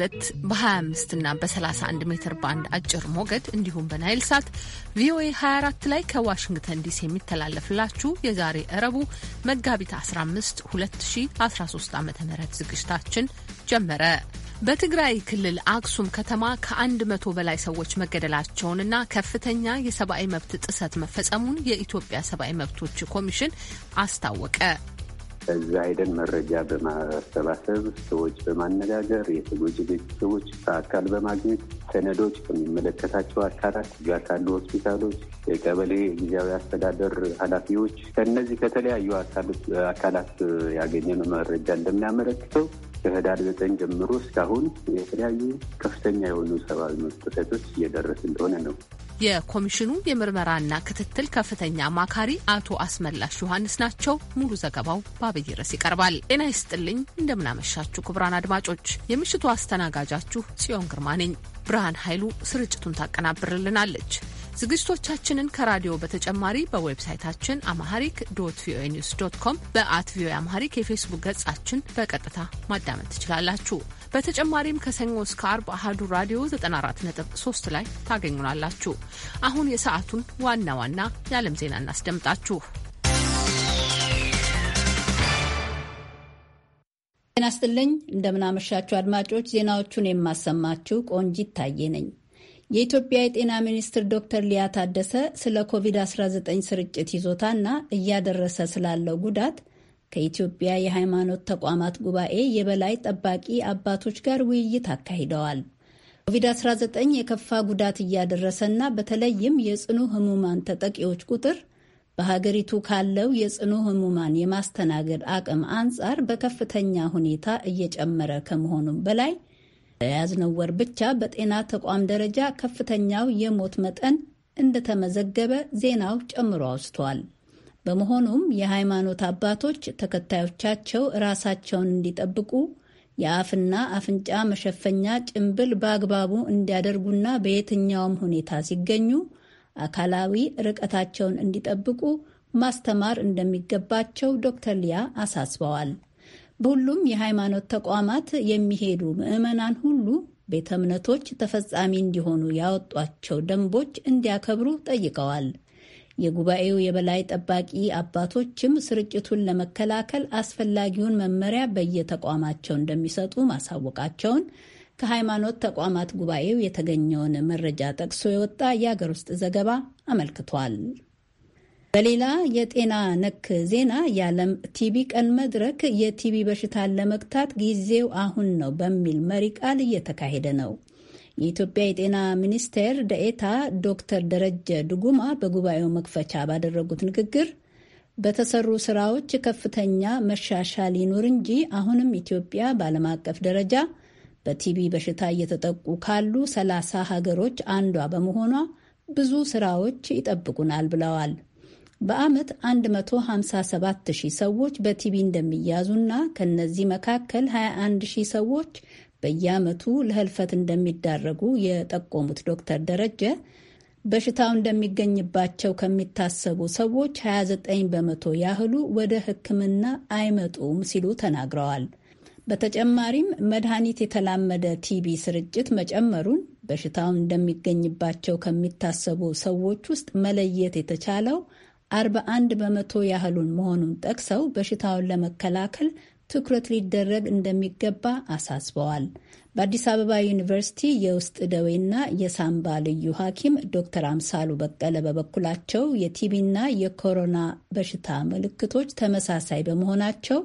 በ በ25 እና በ31 ሜትር ባንድ አጭር ሞገድ እንዲሁም በናይል ሳት ቪኦኤ 24 ላይ ከዋሽንግተን ዲሲ የሚተላለፍላችሁ የዛሬ እረቡ መጋቢት 15 2013 ዓ ም ዝግጅታችን ጀመረ። በትግራይ ክልል አክሱም ከተማ ከአንድ መቶ በላይ ሰዎች መገደላቸውንና ከፍተኛ የሰብአዊ መብት ጥሰት መፈጸሙን የኢትዮጵያ ሰብአዊ መብቶች ኮሚሽን አስታወቀ። እዛ ሄደን መረጃ በማሰባሰብ ሰዎች በማነጋገር የተጎጂ ቤተሰቦች ከአካል በማግኘት ሰነዶች ከሚመለከታቸው አካላት እዛ ካሉ ሆስፒታሎች፣ የቀበሌ ጊዜያዊ አስተዳደር ኃላፊዎች ከእነዚህ ከተለያዩ አካላት ያገኘነው መረጃ እንደሚያመለክተው ከህዳር ዘጠኝ ጀምሮ እስካሁን የተለያዩ ከፍተኛ የሆኑ ሰብአዊ መብት ጥሰቶች እየደረስ እንደሆነ ነው። የኮሚሽኑ የምርመራና ክትትል ከፍተኛ አማካሪ አቶ አስመላሽ ዮሐንስ ናቸው። ሙሉ ዘገባው በአብይ ርዕስ ይቀርባል። ጤና ይስጥልኝ፣ እንደምናመሻችሁ ክቡራን አድማጮች፣ የምሽቱ አስተናጋጃችሁ ጽዮን ግርማ ነኝ። ብርሃን ኃይሉ ስርጭቱን ታቀናብርልናለች። ዝግጅቶቻችንን ከራዲዮ በተጨማሪ በዌብሳይታችን አማሐሪክ ዶት ቪኦኤ ኒውስ ዶት ኮም፣ በአት ቪኦኤ አማሐሪክ የፌስቡክ ገጻችን በቀጥታ ማዳመጥ ትችላላችሁ። በተጨማሪም ከሰኞ እስከ አርብ አህዱ ራዲዮ 94.3 ላይ ታገኙናላችሁ። አሁን የሰዓቱን ዋና ዋና የዓለም ዜና እናስደምጣችሁ። ጤና ይስጥልኝ፣ እንደምናመሻችሁ አድማጮች። ዜናዎቹን የማሰማችሁ ቆንጂት ታዬ ነኝ። የኢትዮጵያ የጤና ሚኒስትር ዶክተር ሊያ ታደሰ ስለ ኮቪድ-19 ስርጭት ይዞታና እያደረሰ ስላለው ጉዳት ከኢትዮጵያ የሃይማኖት ተቋማት ጉባኤ የበላይ ጠባቂ አባቶች ጋር ውይይት አካሂደዋል። ኮቪድ-19 የከፋ ጉዳት እያደረሰና በተለይም የጽኑ ህሙማን ተጠቂዎች ቁጥር በሀገሪቱ ካለው የጽኑ ህሙማን የማስተናገድ አቅም አንጻር በከፍተኛ ሁኔታ እየጨመረ ከመሆኑም በላይ በያዝነው ወር ብቻ በጤና ተቋም ደረጃ ከፍተኛው የሞት መጠን እንደተመዘገበ ዜናው ጨምሮ አውስቷል። በመሆኑም የሃይማኖት አባቶች ተከታዮቻቸው ራሳቸውን እንዲጠብቁ የአፍና አፍንጫ መሸፈኛ ጭንብል በአግባቡ እንዲያደርጉና በየትኛውም ሁኔታ ሲገኙ አካላዊ ርቀታቸውን እንዲጠብቁ ማስተማር እንደሚገባቸው ዶክተር ሊያ አሳስበዋል። በሁሉም የሃይማኖት ተቋማት የሚሄዱ ምዕመናን ሁሉ ቤተ እምነቶች ተፈጻሚ እንዲሆኑ ያወጧቸው ደንቦች እንዲያከብሩ ጠይቀዋል። የጉባኤው የበላይ ጠባቂ አባቶችም ስርጭቱን ለመከላከል አስፈላጊውን መመሪያ በየተቋማቸው እንደሚሰጡ ማሳወቃቸውን ከሃይማኖት ተቋማት ጉባኤው የተገኘውን መረጃ ጠቅሶ የወጣ የአገር ውስጥ ዘገባ አመልክቷል። በሌላ የጤና ነክ ዜና የዓለም ቲቢ ቀን መድረክ የቲቢ በሽታን ለመግታት ጊዜው አሁን ነው በሚል መሪ ቃል እየተካሄደ ነው። የኢትዮጵያ የጤና ሚኒስቴር ደኤታ ዶክተር ደረጀ ድጉማ በጉባኤው መክፈቻ ባደረጉት ንግግር በተሰሩ ስራዎች ከፍተኛ መሻሻል ይኑር እንጂ አሁንም ኢትዮጵያ በዓለም አቀፍ ደረጃ በቲቢ በሽታ እየተጠቁ ካሉ ሰላሳ ሀገሮች አንዷ በመሆኗ ብዙ ስራዎች ይጠብቁናል ብለዋል። በዓመት 157 ሺህ ሰዎች በቲቢ እንደሚያዙና ከነዚህ መካከል 21 ሺህ ሰዎች በየዓመቱ ለህልፈት እንደሚዳረጉ የጠቆሙት ዶክተር ደረጀ በሽታው እንደሚገኝባቸው ከሚታሰቡ ሰዎች 29 በመቶ ያህሉ ወደ ሕክምና አይመጡም ሲሉ ተናግረዋል። በተጨማሪም መድኃኒት የተላመደ ቲቢ ስርጭት መጨመሩን በሽታው እንደሚገኝባቸው ከሚታሰቡ ሰዎች ውስጥ መለየት የተቻለው 41 በመቶ ያህሉን መሆኑን ጠቅሰው በሽታውን ለመከላከል ትኩረት ሊደረግ እንደሚገባ አሳስበዋል። በአዲስ አበባ ዩኒቨርሲቲ የውስጥ ደዌና የሳምባ ልዩ ሐኪም ዶክተር አምሳሉ በቀለ በበኩላቸው የቲቢና የኮሮና በሽታ ምልክቶች ተመሳሳይ በመሆናቸው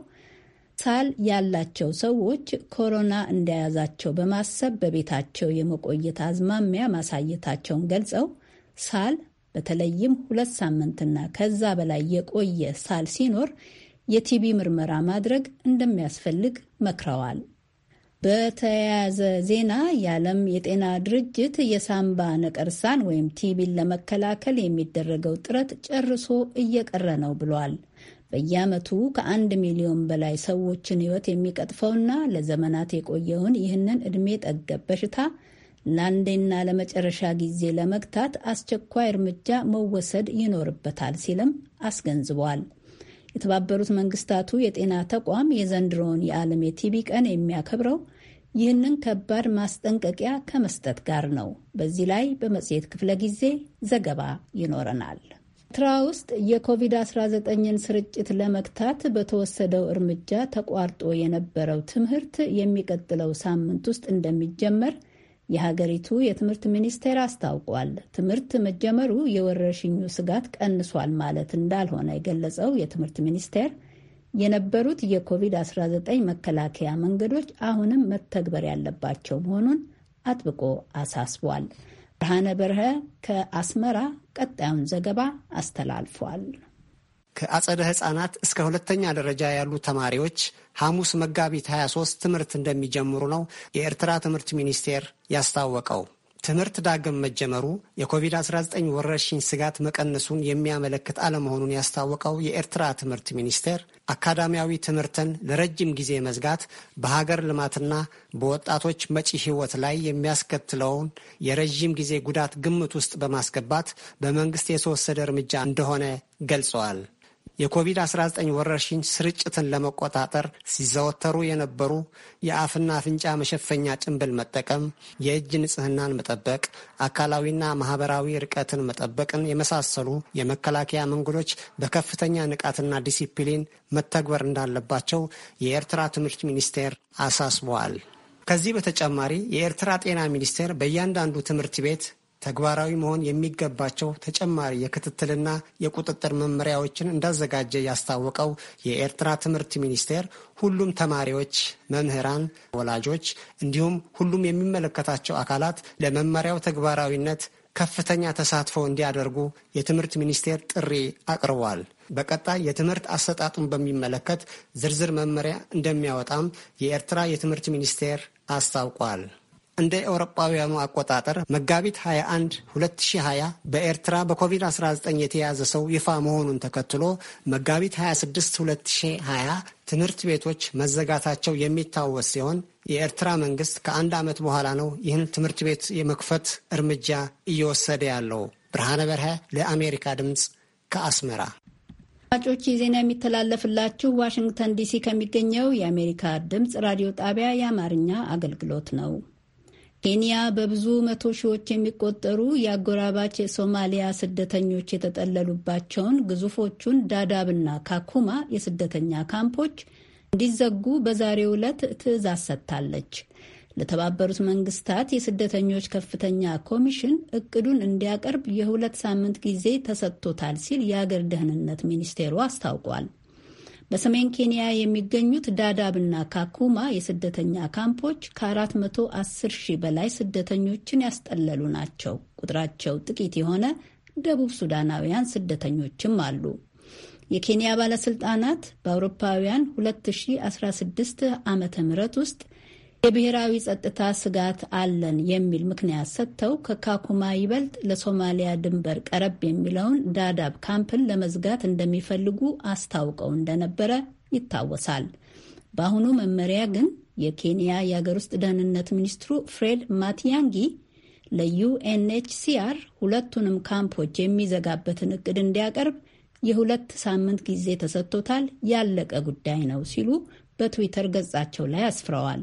ሳል ያላቸው ሰዎች ኮሮና እንደያዛቸው በማሰብ በቤታቸው የመቆየት አዝማሚያ ማሳየታቸውን ገልጸው ሳል በተለይም ሁለት ሳምንትና ከዛ በላይ የቆየ ሳል ሲኖር የቲቢ ምርመራ ማድረግ እንደሚያስፈልግ መክረዋል። በተያያዘ ዜና የዓለም የጤና ድርጅት የሳምባ ነቀርሳን ወይም ቲቢን ለመከላከል የሚደረገው ጥረት ጨርሶ እየቀረ ነው ብሏል። በየዓመቱ ከአንድ ሚሊዮን በላይ ሰዎችን ሕይወት የሚቀጥፈውና ለዘመናት የቆየውን ይህንን ዕድሜ ጠገብ በሽታ ለአንዴና ለመጨረሻ ጊዜ ለመግታት አስቸኳይ እርምጃ መወሰድ ይኖርበታል ሲልም አስገንዝቧል። የተባበሩት መንግስታቱ የጤና ተቋም የዘንድሮውን የዓለም የቲቢ ቀን የሚያከብረው ይህንን ከባድ ማስጠንቀቂያ ከመስጠት ጋር ነው። በዚህ ላይ በመጽሔት ክፍለ ጊዜ ዘገባ ይኖረናል። ኤርትራ ውስጥ የኮቪድ-19ን ስርጭት ለመግታት በተወሰደው እርምጃ ተቋርጦ የነበረው ትምህርት የሚቀጥለው ሳምንት ውስጥ እንደሚጀመር የሀገሪቱ የትምህርት ሚኒስቴር አስታውቋል። ትምህርት መጀመሩ የወረርሽኙ ስጋት ቀንሷል ማለት እንዳልሆነ የገለጸው የትምህርት ሚኒስቴር የነበሩት የኮቪድ-19 መከላከያ መንገዶች አሁንም መተግበር ያለባቸው መሆኑን አጥብቆ አሳስቧል። ብርሃነ በርሀ ከአስመራ ቀጣዩን ዘገባ አስተላልፏል። ከአጸደ ሕፃናት እስከ ሁለተኛ ደረጃ ያሉ ተማሪዎች ሐሙስ መጋቢት 23 ትምህርት እንደሚጀምሩ ነው የኤርትራ ትምህርት ሚኒስቴር ያስታወቀው። ትምህርት ዳግም መጀመሩ የኮቪድ-19 ወረርሽኝ ስጋት መቀነሱን የሚያመለክት አለመሆኑን ያስታወቀው የኤርትራ ትምህርት ሚኒስቴር አካዳሚያዊ ትምህርትን ለረጅም ጊዜ መዝጋት በሀገር ልማትና በወጣቶች መጪ ሕይወት ላይ የሚያስከትለውን የረዥም ጊዜ ጉዳት ግምት ውስጥ በማስገባት በመንግስት የተወሰደ እርምጃ እንደሆነ ገልጸዋል። የኮቪድ-19 ወረርሽኝ ስርጭትን ለመቆጣጠር ሲዘወተሩ የነበሩ የአፍና አፍንጫ መሸፈኛ ጭንብል መጠቀም፣ የእጅ ንጽህናን መጠበቅ፣ አካላዊና ማህበራዊ ርቀትን መጠበቅን የመሳሰሉ የመከላከያ መንገዶች በከፍተኛ ንቃትና ዲሲፕሊን መተግበር እንዳለባቸው የኤርትራ ትምህርት ሚኒስቴር አሳስበዋል። ከዚህ በተጨማሪ የኤርትራ ጤና ሚኒስቴር በእያንዳንዱ ትምህርት ቤት ተግባራዊ መሆን የሚገባቸው ተጨማሪ የክትትልና የቁጥጥር መመሪያዎችን እንዳዘጋጀ ያስታወቀው የኤርትራ ትምህርት ሚኒስቴር ሁሉም ተማሪዎች፣ መምህራን፣ ወላጆች እንዲሁም ሁሉም የሚመለከታቸው አካላት ለመመሪያው ተግባራዊነት ከፍተኛ ተሳትፎ እንዲያደርጉ የትምህርት ሚኒስቴር ጥሪ አቅርቧል። በቀጣይ የትምህርት አሰጣጡን በሚመለከት ዝርዝር መመሪያ እንደሚያወጣም የኤርትራ የትምህርት ሚኒስቴር አስታውቋል። እንደ ኤውሮጳውያኑ አቆጣጠር መጋቢት 21 2020 በኤርትራ በኮቪድ-19 የተያዘ ሰው ይፋ መሆኑን ተከትሎ መጋቢት 26 2020 ትምህርት ቤቶች መዘጋታቸው የሚታወስ ሲሆን የኤርትራ መንግስት ከአንድ ዓመት በኋላ ነው ይህን ትምህርት ቤት የመክፈት እርምጃ እየወሰደ ያለው። ብርሃነ በርሀ ለአሜሪካ ድምፅ ከአስመራ። አድማጮች ዜና የሚተላለፍላችሁ ዋሽንግተን ዲሲ ከሚገኘው የአሜሪካ ድምፅ ራዲዮ ጣቢያ የአማርኛ አገልግሎት ነው። ኬንያ በብዙ መቶ ሺዎች የሚቆጠሩ የአጎራባች የሶማሊያ ስደተኞች የተጠለሉባቸውን ግዙፎቹን ዳዳብና ካኩማ የስደተኛ ካምፖች እንዲዘጉ በዛሬው ዕለት ትዕዛዝ ሰጥታለች። ለተባበሩት መንግስታት የስደተኞች ከፍተኛ ኮሚሽን እቅዱን እንዲያቀርብ የሁለት ሳምንት ጊዜ ተሰጥቶታል ሲል የአገር ደህንነት ሚኒስቴሩ አስታውቋል። በሰሜን ኬንያ የሚገኙት ዳዳብና ካኩማ የስደተኛ ካምፖች ከ410 ሺህ በላይ ስደተኞችን ያስጠለሉ ናቸው። ቁጥራቸው ጥቂት የሆነ ደቡብ ሱዳናውያን ስደተኞችም አሉ። የኬንያ ባለስልጣናት በአውሮፓውያን 2016 ዓ ም ውስጥ የብሔራዊ ጸጥታ ስጋት አለን የሚል ምክንያት ሰጥተው ከካኩማ ይበልጥ ለሶማሊያ ድንበር ቀረብ የሚለውን ዳዳብ ካምፕን ለመዝጋት እንደሚፈልጉ አስታውቀው እንደነበረ ይታወሳል። በአሁኑ መመሪያ ግን የኬንያ የአገር ውስጥ ደህንነት ሚኒስትሩ ፍሬድ ማቲያንጊ ለዩኤንኤችሲአር ሁለቱንም ካምፖች የሚዘጋበትን እቅድ እንዲያቀርብ የሁለት ሳምንት ጊዜ ተሰጥቶታል፣ ያለቀ ጉዳይ ነው ሲሉ በትዊተር ገጻቸው ላይ አስፍረዋል።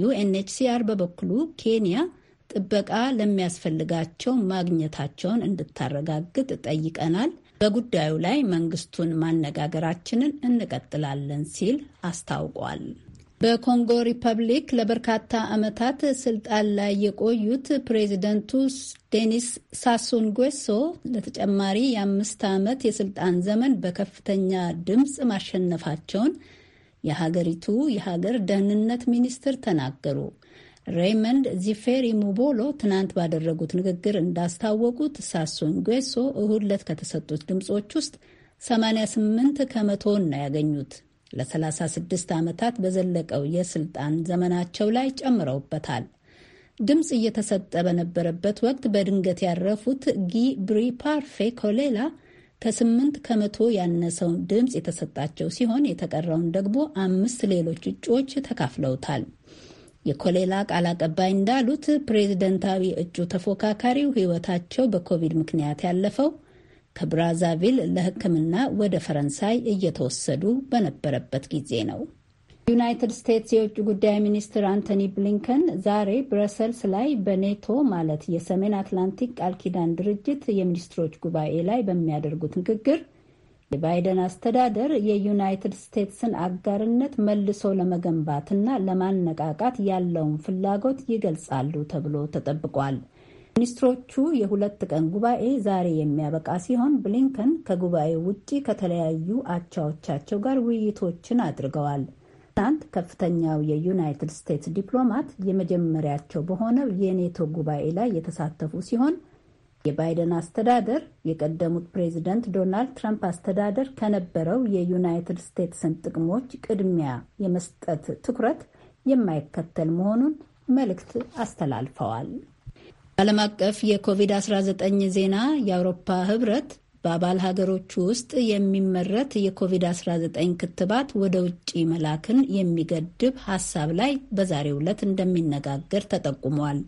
ዩኤንኤችሲአር በበኩሉ ኬንያ ጥበቃ ለሚያስፈልጋቸው ማግኘታቸውን እንድታረጋግጥ ጠይቀናል። በጉዳዩ ላይ መንግስቱን ማነጋገራችንን እንቀጥላለን ሲል አስታውቋል። በኮንጎ ሪፐብሊክ ለበርካታ ዓመታት ስልጣን ላይ የቆዩት ፕሬዚደንቱ ዴኒስ ሳሱን ጉዌሶ ለተጨማሪ የአምስት ዓመት የስልጣን ዘመን በከፍተኛ ድምፅ ማሸነፋቸውን የሀገሪቱ የሀገር ደህንነት ሚኒስትር ተናገሩ። ሬይመንድ ዚፌሪ ሙቦሎ ትናንት ባደረጉት ንግግር እንዳስታወቁት ሳሶን ጉዌሶ እሁድ ዕለት ከተሰጡት ድምፆች ውስጥ 88 ከመቶን ነው ያገኙት። ለ36 ዓመታት በዘለቀው የስልጣን ዘመናቸው ላይ ጨምረውበታል። ድምፅ እየተሰጠ በነበረበት ወቅት በድንገት ያረፉት ጊ ብሪ ፓርፌ ኮሌላ ከስምንት ከመቶ ያነሰው ድምፅ የተሰጣቸው ሲሆን የተቀረውን ደግሞ አምስት ሌሎች እጩዎች ተካፍለውታል። የኮሌላ ቃል አቀባይ እንዳሉት ፕሬዝደንታዊ እጩ ተፎካካሪው ሕይወታቸው በኮቪድ ምክንያት ያለፈው ከብራዛቪል ለሕክምና ወደ ፈረንሳይ እየተወሰዱ በነበረበት ጊዜ ነው። ዩናይትድ ስቴትስ የውጭ ጉዳይ ሚኒስትር አንቶኒ ብሊንከን ዛሬ ብረሰልስ ላይ በኔቶ ማለት የሰሜን አትላንቲክ ቃል ኪዳን ድርጅት የሚኒስትሮች ጉባኤ ላይ በሚያደርጉት ንግግር የባይደን አስተዳደር የዩናይትድ ስቴትስን አጋርነት መልሶ ለመገንባትና ለማነቃቃት ያለውን ፍላጎት ይገልጻሉ ተብሎ ተጠብቋል። ሚኒስትሮቹ የሁለት ቀን ጉባኤ ዛሬ የሚያበቃ ሲሆን ብሊንከን ከጉባኤው ውጪ ከተለያዩ አቻዎቻቸው ጋር ውይይቶችን አድርገዋል። ትናንት ከፍተኛው የዩናይትድ ስቴትስ ዲፕሎማት የመጀመሪያቸው በሆነው የኔቶ ጉባኤ ላይ የተሳተፉ ሲሆን የባይደን አስተዳደር የቀደሙት ፕሬዚደንት ዶናልድ ትራምፕ አስተዳደር ከነበረው የዩናይትድ ስቴትስን ጥቅሞች ቅድሚያ የመስጠት ትኩረት የማይከተል መሆኑን መልእክት አስተላልፈዋል። ዓለም አቀፍ የኮቪድ-19 ዜና የአውሮፓ ህብረት በአባል ሀገሮቹ ውስጥ የሚመረት የኮቪድ-19 ክትባት ወደ ውጭ መላክን የሚገድብ ሀሳብ ላይ በዛሬው ዕለት እንደሚነጋገር ተጠቁሟል።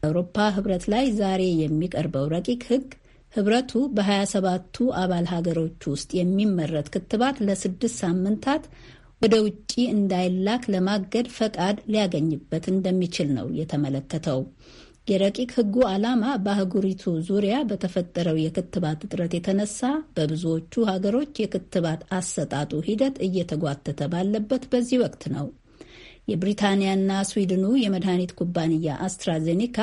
በአውሮፓ ህብረት ላይ ዛሬ የሚቀርበው ረቂቅ ህግ ህብረቱ በ27ቱ አባል ሀገሮች ውስጥ የሚመረት ክትባት ለስድስት ሳምንታት ወደ ውጭ እንዳይላክ ለማገድ ፈቃድ ሊያገኝበት እንደሚችል ነው የተመለከተው። የረቂቅ ህጉ ዓላማ በአህጉሪቱ ዙሪያ በተፈጠረው የክትባት እጥረት የተነሳ በብዙዎቹ ሀገሮች የክትባት አሰጣጡ ሂደት እየተጓተተ ባለበት በዚህ ወቅት ነው። የብሪታንያና ስዊድኑ የመድኃኒት ኩባንያ አስትራዜኒካ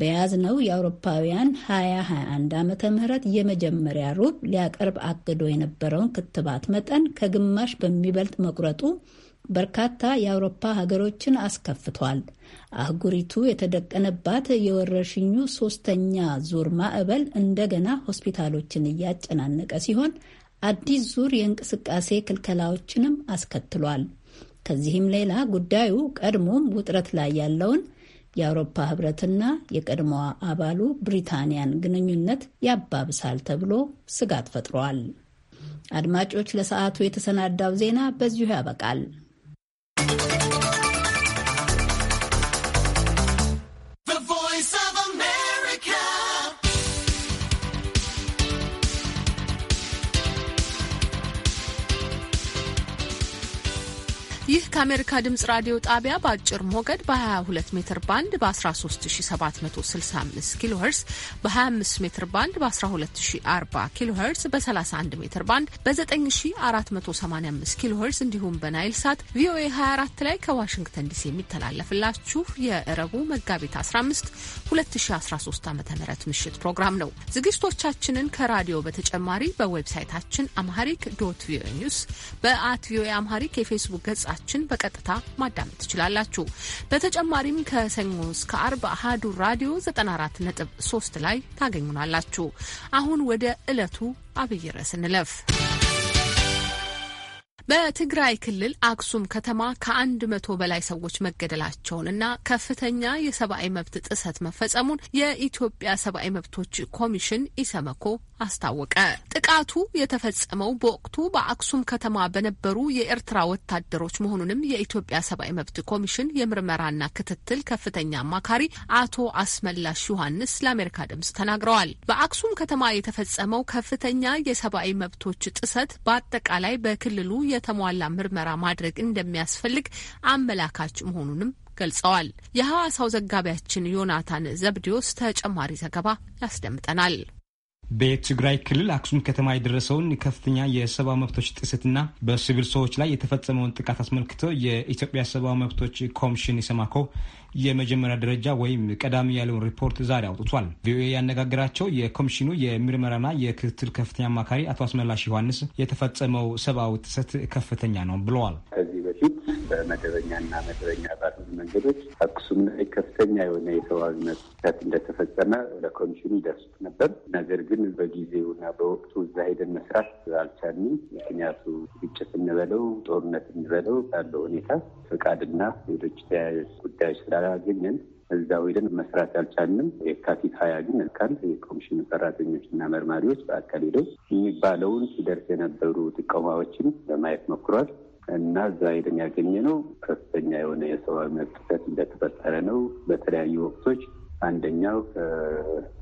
በያዝነው የአውሮፓውያን 2021 ዓመተ ምህረት የመጀመሪያ ሩብ ሊያቀርብ አቅዶ የነበረውን ክትባት መጠን ከግማሽ በሚበልጥ መቁረጡ በርካታ የአውሮፓ ሀገሮችን አስከፍቷል። አህጉሪቱ የተደቀነባት የወረርሽኙ ሶስተኛ ዙር ማዕበል እንደገና ሆስፒታሎችን እያጨናነቀ ሲሆን አዲስ ዙር የእንቅስቃሴ ክልከላዎችንም አስከትሏል። ከዚህም ሌላ ጉዳዩ ቀድሞም ውጥረት ላይ ያለውን የአውሮፓ ህብረትና የቀድሞዋ አባሉ ብሪታንያን ግንኙነት ያባብሳል ተብሎ ስጋት ፈጥሯል። አድማጮች፣ ለሰዓቱ የተሰናዳው ዜና በዚሁ ያበቃል። The Voice of America. You ከአሜሪካ ድምፅ ራዲዮ ጣቢያ በአጭር ሞገድ በ22 ሜትር ባንድ በ13765 ኪሎ ሄርስ በ25 ሜትር ባንድ በ1240 ኪሎ ሄርስ በ31 ሜትር ባንድ በ9485 ኪሎ ሄርስ እንዲሁም በናይል ሳት ቪኦኤ 24 ላይ ከዋሽንግተን ዲሲ የሚተላለፍላችሁ የእረቡ መጋቢት 15 2013 ዓ ም ምሽት ፕሮግራም ነው። ዝግጅቶቻችንን ከራዲዮ በተጨማሪ በዌብሳይታችን አምሃሪክ ዶት ቪኦኤ ኒውስ በአት ቪኦኤ አምሃሪክ የፌስቡክ ገጻችን ዝግጅታችንን በቀጥታ ማዳመጥ ትችላላችሁ። በተጨማሪም ከሰኞ እስከ አርብ አህዱ ራዲዮ 94.3 ላይ ታገኙናላችሁ። አሁን ወደ ዕለቱ አብይ ርዕስ እንለፍ። በትግራይ ክልል አክሱም ከተማ ከአንድ መቶ በላይ ሰዎች መገደላቸውን እና ከፍተኛ የሰብአዊ መብት ጥሰት መፈጸሙን የኢትዮጵያ ሰብአዊ መብቶች ኮሚሽን ኢሰመኮ አስታወቀ። ጥቃቱ የተፈጸመው በወቅቱ በአክሱም ከተማ በነበሩ የኤርትራ ወታደሮች መሆኑንም የኢትዮጵያ ሰብአዊ መብት ኮሚሽን የምርመራና ክትትል ከፍተኛ አማካሪ አቶ አስመላሽ ዮሐንስ ለአሜሪካ ድምጽ ተናግረዋል። በአክሱም ከተማ የተፈጸመው ከፍተኛ የሰብአዊ መብቶች ጥሰት በአጠቃላይ በክልሉ የተሟላ ምርመራ ማድረግ እንደሚያስፈልግ አመላካች መሆኑንም ገልጸዋል። የሐዋሳው ዘጋቢያችን ዮናታን ዘብዲዎስ ተጨማሪ ዘገባ ያስደምጠናል። በትግራይ ክልል አክሱም ከተማ የደረሰውን ከፍተኛ የሰብአዊ መብቶች ጥሰትና በሲቪል ሰዎች ላይ የተፈጸመውን ጥቃት አስመልክቶ የኢትዮጵያ ሰብአዊ መብቶች ኮሚሽን ኢሰማኮ የመጀመሪያ ደረጃ ወይም ቀዳሚ ያለውን ሪፖርት ዛሬ አውጥቷል። ቪኦኤ ያነጋገራቸው የኮሚሽኑ የምርመራና የክትትል ከፍተኛ አማካሪ አቶ አስመላሽ ዮሐንስ የተፈጸመው ሰብአዊ ጥሰት ከፍተኛ ነው ብለዋል። ከዚህ በመደበኛና መደበኛ ባልሆኑ መንገዶች አክሱም ላይ ከፍተኛ የሆነ የሰብአዊነት ጥሰት እንደተፈጸመ ለኮሚሽኑ ይደርሱ ነበር። ነገር ግን በጊዜውና በወቅቱ እዛ ሄደን መስራት አልቻልንም። ምክንያቱ ግጭት እንበለው ጦርነት እንበለው ባለው ሁኔታ ፈቃድና ሌሎች ተያያዥ ጉዳዮች ስላላገኘን እዛ ሄደን መስራት አልቻልንም። የካቲት ሀያ ግን ልካል የኮሚሽኑ ሰራተኞች እና መርማሪዎች በአካል ሄደው የሚባለውን ሲደርስ የነበሩ ጥቆማዎችን ለማየት ሞክሯል። እና እዛ ሄደን ነው ከፍተኛ የሆነ የሰብአዊ መብት ጥሰት እንደተፈጠረ ነው። በተለያዩ ወቅቶች አንደኛው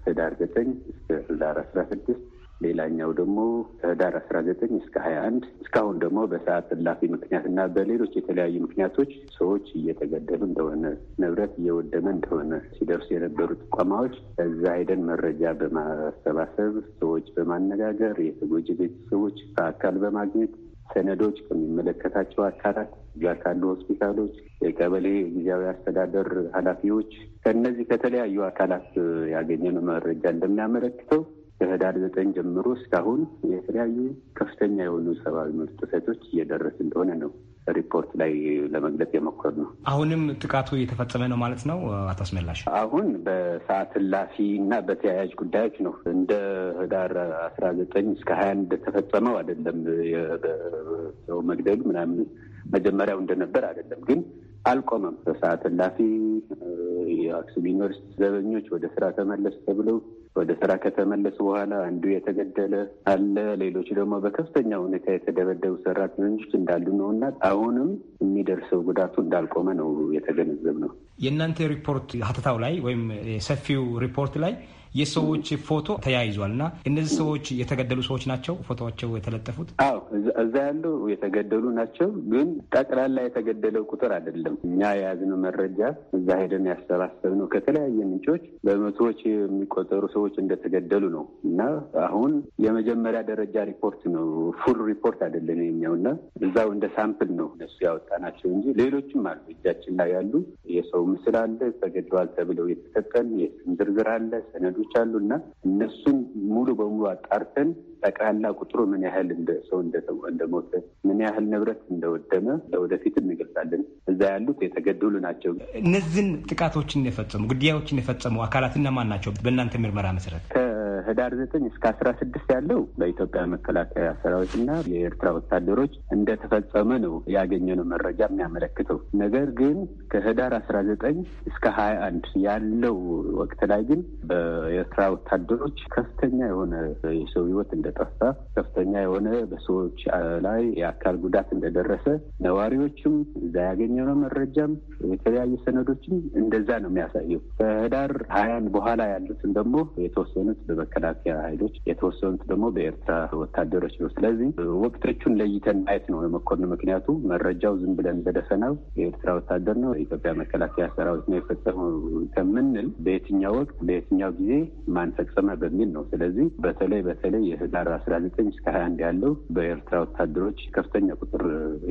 ህዳር ዘጠኝ እስከ ህዳር አስራ ስድስት ሌላኛው ደግሞ ህዳር አስራ ዘጠኝ እስከ ሀያ አንድ እስካሁን ደግሞ በሰዓት እላፊ ምክንያት እና በሌሎች የተለያዩ ምክንያቶች ሰዎች እየተገደሉ እንደሆነ፣ ንብረት እየወደመ እንደሆነ ሲደርሱ የነበሩ ጥቆማዎች እዛ ሄደን መረጃ በማሰባሰብ ሰዎች በማነጋገር የተጎጂ ቤተሰቦች በአካል በማግኘት ሰነዶች ከሚመለከታቸው አካላት እዛ ካሉ ሆስፒታሎች፣ የቀበሌ ጊዜያዊ አስተዳደር ኃላፊዎች ከእነዚህ ከተለያዩ አካላት ያገኘነው መረጃ እንደሚያመለክተው ከህዳር ዘጠኝ ጀምሮ እስካሁን የተለያዩ ከፍተኛ የሆኑ ሰብአዊ መብት ጥሰቶች እየደረስ እንደሆነ ነው ሪፖርት ላይ ለመግለጽ የሞከር ነው። አሁንም ጥቃቱ የተፈጸመ ነው ማለት ነው። አቶ አስመላሽ፣ አሁን በሰዓት እላፊ እና በተያያዥ ጉዳዮች ነው እንደ ህዳር አስራ ዘጠኝ እስከ ሀያ እንደተፈጸመው አይደለም ሰው መግደል ምናምን መጀመሪያው እንደነበር አይደለም ግን አልቆመም። በሰዓት እላፊ የአክሱም ዩኒቨርሲቲ ዘበኞች ወደ ስራ ተመለስ ተብለው ወደ ስራ ከተመለሱ በኋላ አንዱ የተገደለ አለ። ሌሎች ደግሞ በከፍተኛ ሁኔታ የተደበደቡ ሰራተኞች እንዳሉ ነው እና አሁንም የሚደርሰው ጉዳቱ እንዳልቆመ ነው የተገነዘብ ነው። የእናንተ ሪፖርት ሀተታው ላይ ወይም ሰፊው ሪፖርት ላይ የሰዎች ፎቶ ተያይዟል እና እነዚህ ሰዎች የተገደሉ ሰዎች ናቸው ፎቶቸው የተለጠፉት? አዎ እዛ ያለው የተገደሉ ናቸው። ግን ጠቅላላ የተገደለው ቁጥር አይደለም። እኛ የያዝነው መረጃ እዛ ሄደን ያሰባሰብነው ከተለያየ ምንጮች በመቶዎች የሚቆጠሩ ሰዎች እንደተገደሉ ነው እና አሁን የመጀመሪያ ደረጃ ሪፖርት ነው። ፉል ሪፖርት አይደለም የኛው እና እዛው እንደ ሳምፕል ነው እነሱ ያወጣናቸው እንጂ ሌሎችም አሉ እጃችን ላይ ያሉ የሰው ምስል አለ፣ ተገድሏል ተብለው የተሰጠን የስም ዝርዝር አለ፣ ሰነዱ ወላጆች አሉ እና እነሱን ሙሉ በሙሉ አጣርተን ጠቅላላ ቁጥሩ ምን ያህል እንደ ሰው እንደሞተ ምን ያህል ንብረት እንደወደመ ለወደፊት እንገልጻለን። እዛ ያሉት የተገደሉ ናቸው። እነዚህን ጥቃቶችን የፈጸሙ ግድያዎችን የፈጸሙ አካላት እነማን ናቸው? በእናንተ ምርመራ መሰረት ከህዳር ዘጠኝ እስከ አስራ ስድስት ያለው በኢትዮጵያ መከላከያ ሰራዊት እና የኤርትራ ወታደሮች እንደተፈጸመ ነው ያገኘነው መረጃ የሚያመለክተው። ነገር ግን ከህዳር አስራ ዘጠኝ እስከ ሀያ አንድ ያለው ወቅት ላይ ግን በኤርትራ ወታደሮች ከፍተኛ የሆነ የሰው ህይወት እንደጠፋ፣ ከፍተኛ የሆነ በሰዎች ላይ የአካል ጉዳት እንደደረሰ ነዋሪዎችም እዛ ያገኘነው መረጃም የተለያዩ ሰነዶችም እንደዛ ነው የሚያሳየው። ከህዳር ሀያን በኋላ ያሉትን ደግሞ የተወሰኑት መከላከያ ኃይሎች የተወሰኑት ደግሞ በኤርትራ ወታደሮች ነው። ስለዚህ ወቅቶቹን ለይተን ማየት ነው የመኮንን ምክንያቱ መረጃው ዝም ብለን በደፈናው የኤርትራ ወታደር ነው የኢትዮጵያ መከላከያ ሰራዊት ነው የፈጸመው ከምንል በየትኛው ወቅት በየትኛው ጊዜ ማን ፈጸመ በሚል ነው። ስለዚህ በተለይ በተለይ የህዳር አስራ ዘጠኝ እስከ ሀያ አንድ ያለው በኤርትራ ወታደሮች ከፍተኛ ቁጥር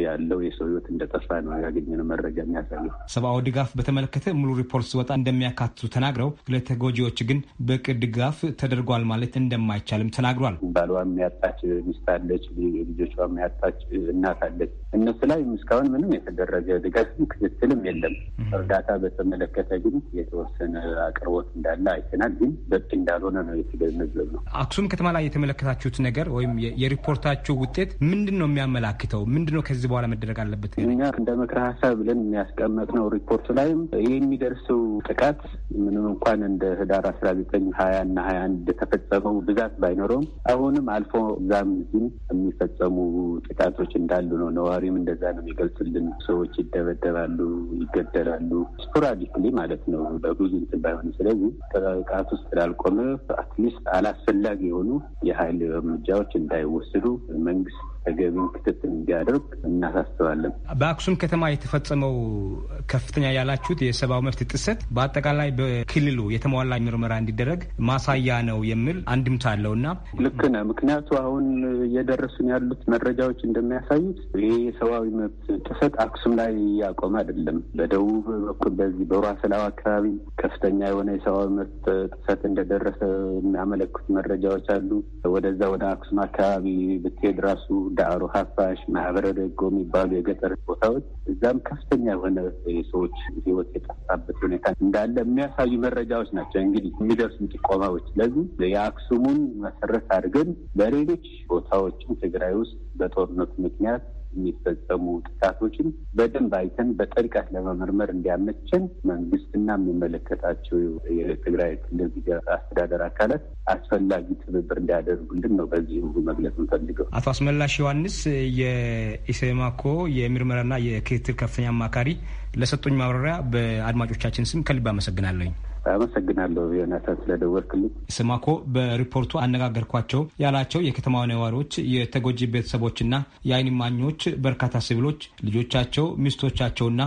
ያለው የሰው ህይወት እንደጠፋ ነው ያገኘነው መረጃ የሚያሳየው። ሰብአዊ ድጋፍ በተመለከተ ሙሉ ሪፖርት ሲወጣ እንደሚያካትቱ ተናግረው ለተጎጂዎች ግን በቅድ ድጋፍ ተደርጎ አድርጓል ማለት እንደማይቻልም ተናግሯል። ባሏ የሚያጣች ሚስት አለች፣ ልጆቿም የሚያጣች እናት አለች። እነሱ ላይ እስካሁን ምንም የተደረገ ድጋፍም ክትትልም የለም። እርዳታ በተመለከተ ግን የተወሰነ አቅርቦት እንዳለ አይተናል፣ ግን በቂ እንዳልሆነ ነው የተገነዘብ ነው። አክሱም ከተማ ላይ የተመለከታችሁት ነገር ወይም የሪፖርታችሁ ውጤት ምንድን ነው የሚያመላክተው? ምንድን ነው ከዚህ በኋላ መደረግ አለበት? እኛ እንደ ምክረ ሀሳብ ብለን የሚያስቀመጥ ነው ሪፖርቱ ላይም የሚደርሰው ጥቃት ምንም እንኳን እንደ ህዳር አስራ ዘጠኝ ሀያ እና ሀያ አንድ የተፈጸመው ብዛት ባይኖረውም አሁንም አልፎ እዛም እዚህም የሚፈጸሙ ጥቃቶች እንዳሉ ነው። ነዋሪም እንደዛ ነው የሚገልጽልን። ሰዎች ይደበደባሉ፣ ይገደላሉ፣ ስፖራዲክሊ ማለት ነው በብዙ እንትን ባይሆንም። ስለዚህ ጥቃት ውስጥ ላልቆመ አትሊስት አላስፈላጊ የሆኑ የሀይል እርምጃዎች እንዳይወስዱ መንግስት ተገቢው ክትትል እንዲያደርግ እናሳስባለን። በአክሱም ከተማ የተፈጸመው ከፍተኛ ያላችሁት የሰብአዊ መብት ጥሰት በአጠቃላይ በክልሉ የተሟላ ምርመራ እንዲደረግ ማሳያ ነው የሚል አንድምታ አለው እና ልክ ነህ። ምክንያቱ አሁን እየደረሱን ያሉት መረጃዎች እንደሚያሳዩት ይህ የሰብአዊ መብት ጥሰት አክሱም ላይ ያቆመ አይደለም። በደቡብ በኩል በዚህ በሯሰላው አካባቢ ከፍተኛ የሆነ የሰብአዊ መብት ጥሰት እንደደረሰ የሚያመለክቱ መረጃዎች አሉ። ወደዛ ወደ አክሱም አካባቢ ብትሄድ ራሱ ዳዕሮ ሀፋሽ፣ ማህበረ ደጎ የሚባሉ የገጠር ቦታዎች እዛም ከፍተኛ የሆነ የሰዎች ህይወት የጠፋበት ሁኔታ እንዳለ የሚያሳዩ መረጃዎች ናቸው እንግዲህ የሚደርሱ ጥቆማዎች። ስለዚህ የአክሱሙን መሰረት አድርገን በሌሎች ቦታዎችም ትግራይ ውስጥ በጦርነቱ ምክንያት የሚፈጸሙ ጥቃቶችን በደንብ አይተን በጥልቀት ለመመርመር እንዲያመቸን መንግስትና የሚመለከታቸው የትግራይ ክልል አስተዳደር አካላት አስፈላጊ ትብብር እንዲያደርጉልን ነው በዚህ ሁሉ መግለጽ እንፈልገው። አቶ አስመላሽ ዮሐንስ የኢሴማኮ የምርመራና የክትትል ከፍተኛ አማካሪ ለሰጡኝ ማብራሪያ በአድማጮቻችን ስም ከልብ አመሰግናለኝ። አመሰግናለሁ ዮናታን ስለደወልክልኝ። ስማኮ በሪፖርቱ አነጋገርኳቸው ያላቸው የከተማ ነዋሪዎች፣ የተጎጂ ቤተሰቦችና የአይን ማኞች በርካታ ሲቪሎች ልጆቻቸው፣ ሚስቶቻቸውና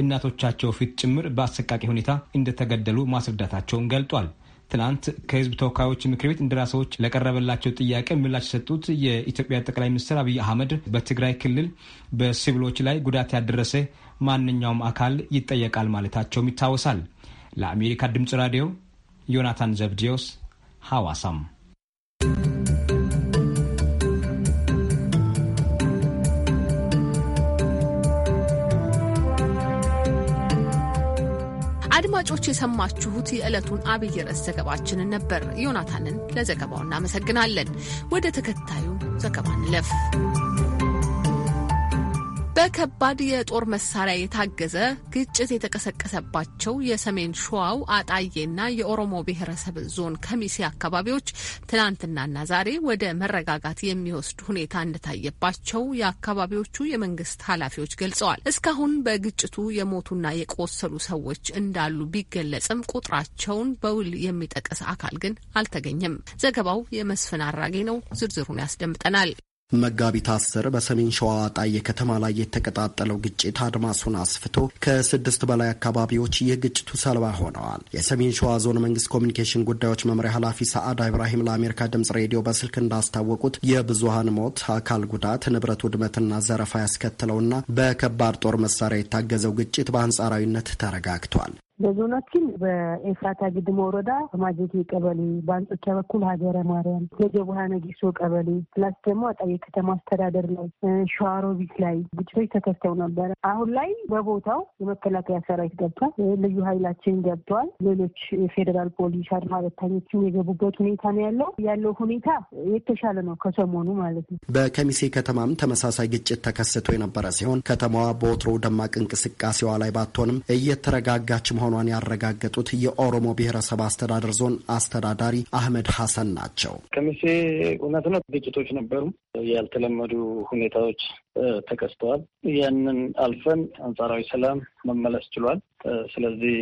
እናቶቻቸው ፊት ጭምር በአሰቃቂ ሁኔታ እንደተገደሉ ማስረዳታቸውን ገልጧል። ትናንት ከህዝብ ተወካዮች ምክር ቤት እንደራሴዎች ለቀረበላቸው ጥያቄ ምላሽ የሰጡት የኢትዮጵያ ጠቅላይ ሚኒስትር አብይ አህመድ በትግራይ ክልል በሲቪሎች ላይ ጉዳት ያደረሰ ማንኛውም አካል ይጠየቃል ማለታቸውም ይታወሳል። ለአሜሪካ ድምፅ ራዲዮ ዮናታን ዘብዲዮስ ሐዋሳም አድማጮች የሰማችሁት የዕለቱን አብይ ርዕስ ዘገባችንን ነበር። ዮናታንን ለዘገባው እናመሰግናለን። ወደ ተከታዩ ዘገባ እንለፍ። በከባድ የጦር መሳሪያ የታገዘ ግጭት የተቀሰቀሰባቸው የሰሜን ሸዋው አጣዬና የኦሮሞ ብሔረሰብ ዞን ከሚሴ አካባቢዎች ትናንትናና ዛሬ ወደ መረጋጋት የሚወስድ ሁኔታ እንደታየባቸው የአካባቢዎቹ የመንግስት ኃላፊዎች ገልጸዋል። እስካሁን በግጭቱ የሞቱና የቆሰሉ ሰዎች እንዳሉ ቢገለጽም ቁጥራቸውን በውል የሚጠቅስ አካል ግን አልተገኘም። ዘገባው የመስፍን አራጌ ነው። ዝርዝሩን ያስደምጠናል። መጋቢት አስር በሰሜን ሸዋ ጣዬ ከተማ ላይ የተቀጣጠለው ግጭት አድማሱን አስፍቶ ከስድስት በላይ አካባቢዎች የግጭቱ ሰለባ ሆነዋል። የሰሜን ሸዋ ዞን መንግስት ኮሚኒኬሽን ጉዳዮች መምሪያ ኃላፊ ሰዓዳ ኢብራሂም ለአሜሪካ ድምጽ ሬዲዮ በስልክ እንዳስታወቁት የብዙሀን ሞት፣ አካል ጉዳት፣ ንብረት ውድመትና ዘረፋ ያስከትለውና በከባድ ጦር መሳሪያ የታገዘው ግጭት በአንጻራዊነት ተረጋግቷል። በዞናችን በኤፍራታ ግድማ ወረዳ በማጀቴ ቀበሌ፣ በአንጾኪያ በኩል ሀገረ ማርያም፣ የጀቡሃ ነጊሶ ቀበሌ ፕላስ ደግሞ አጣዬ ከተማ አስተዳደር ላይ ሸዋሮቢት ላይ ግጭቶች ተከስተው ነበረ። አሁን ላይ በቦታው የመከላከያ ሰራዊት ገብቷል፣ ልዩ ኃይላችን ገብቷል፣ ሌሎች የፌዴራል ፖሊስ አድማ በታኞችም የገቡበት ሁኔታ ነው ያለው። ያለው ሁኔታ የተሻለ ነው ከሰሞኑ ማለት ነው። በከሚሴ ከተማም ተመሳሳይ ግጭት ተከስቶ የነበረ ሲሆን ከተማዋ በወትሮ ደማቅ እንቅስቃሴዋ ላይ ባትሆንም እየተረጋጋች መሆኗን ያረጋገጡት የኦሮሞ ብሔረሰብ አስተዳደር ዞን አስተዳዳሪ አህመድ ሀሰን ናቸው። ከሚሴ እውነት ነው፣ ግጭቶች ነበሩ። ያልተለመዱ ሁኔታዎች ተከስተዋል። ያንን አልፈን አንጻራዊ ሰላም መመለስ ችሏል። ስለዚህ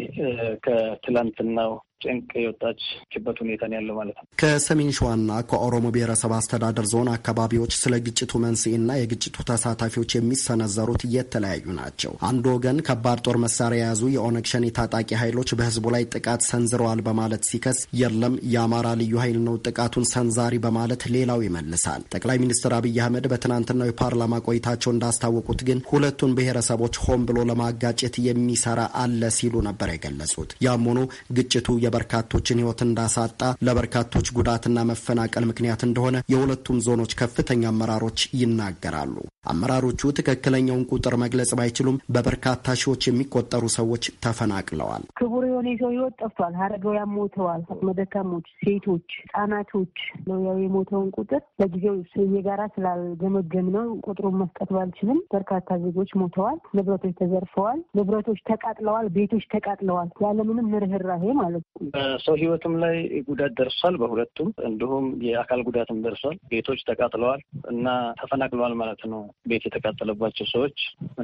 ከትላንትናው ጭንቅ የወጣችበት ሁኔታ ነው ያለው ማለት ነው። ከሰሜን ሸዋና ከኦሮሞ ብሔረሰብ አስተዳደር ዞን አካባቢዎች ስለ ግጭቱ መንስኤና የግጭቱ ተሳታፊዎች የሚሰነዘሩት የተለያዩ ናቸው። አንድ ወገን ከባድ ጦር መሳሪያ የያዙ የኦነግ ሸኔ ታጣቂ ኃይሎች በህዝቡ ላይ ጥቃት ሰንዝረዋል በማለት ሲከስ፣ የለም የአማራ ልዩ ኃይል ነው ጥቃቱን ሰንዛሪ በማለት ሌላው ይመልሳል። ጠቅላይ ሚኒስትር አብይ አህመድ በትናንትናው የፓርላማ ቆይታቸው እንዳስታወቁት ግን ሁለቱን ብሔረሰቦች ሆን ብሎ ለማጋጨት የሚሰራ አለ ሲሉ ነበር የገለጹት። ያም ሆኖ ግጭቱ የበርካቶችን ህይወት እንዳሳጣ ለበርካቶች ጉዳትና መፈናቀል ምክንያት እንደሆነ የሁለቱም ዞኖች ከፍተኛ አመራሮች ይናገራሉ። አመራሮቹ ትክክለኛውን ቁጥር መግለጽ ባይችሉም በበርካታ ሺዎች የሚቆጠሩ ሰዎች ተፈናቅለዋል። ክቡር የሆነ የሰው ህይወት ጠፍቷል። አረጋውያን ሞተዋል። መደካሞች፣ ሴቶች፣ ህጻናቶች ነው። ያው የሞተውን ቁጥር ለጊዜው የጋራ ስላልገመገም ነው ቁጥሩን መስጠት ባልችልም በርካታ ዜጎች ሞተዋል። ንብረቶች ተዘርፈዋል። ንብረቶች ተቃጥለዋል። ቤቶች ተቃጥለዋል። ያለምንም ርኅራሄ ማለት ነው። በሰው ህይወትም ላይ ጉዳት ደርሷል። በሁለቱም እንዲሁም የአካል ጉዳትም ደርሷል። ቤቶች ተቃጥለዋል እና ተፈናቅለዋል ማለት ነው። ቤት የተቃጠለባቸው ሰዎች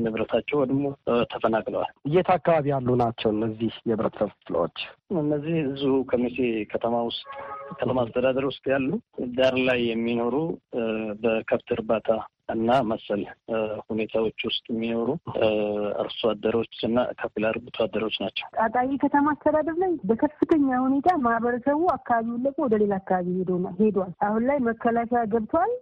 ንብረታቸው ወድሞ ተፈናቅለዋል። የት አካባቢ ያሉ ናቸው እነዚህ የህብረተሰብ ክፍሎች? እነዚህ እዚሁ ከሚሴ ከተማ ውስጥ ከተማ አስተዳደር ውስጥ ያሉ ዳር ላይ የሚኖሩ በከብት እርባታ እና መሰል ሁኔታዎች ውስጥ የሚኖሩ አርሶ አደሮች እና ከፊል አርብቶ አደሮች ናቸው። ጣጣይ ከተማ አስተዳደር ላይ በከፍተኛ ሁኔታ ማህበረሰቡ አካባቢውን ለቆ ወደ ሌላ አካባቢ ሄዷል። አሁን ላይ መከላከያ ገብቷል።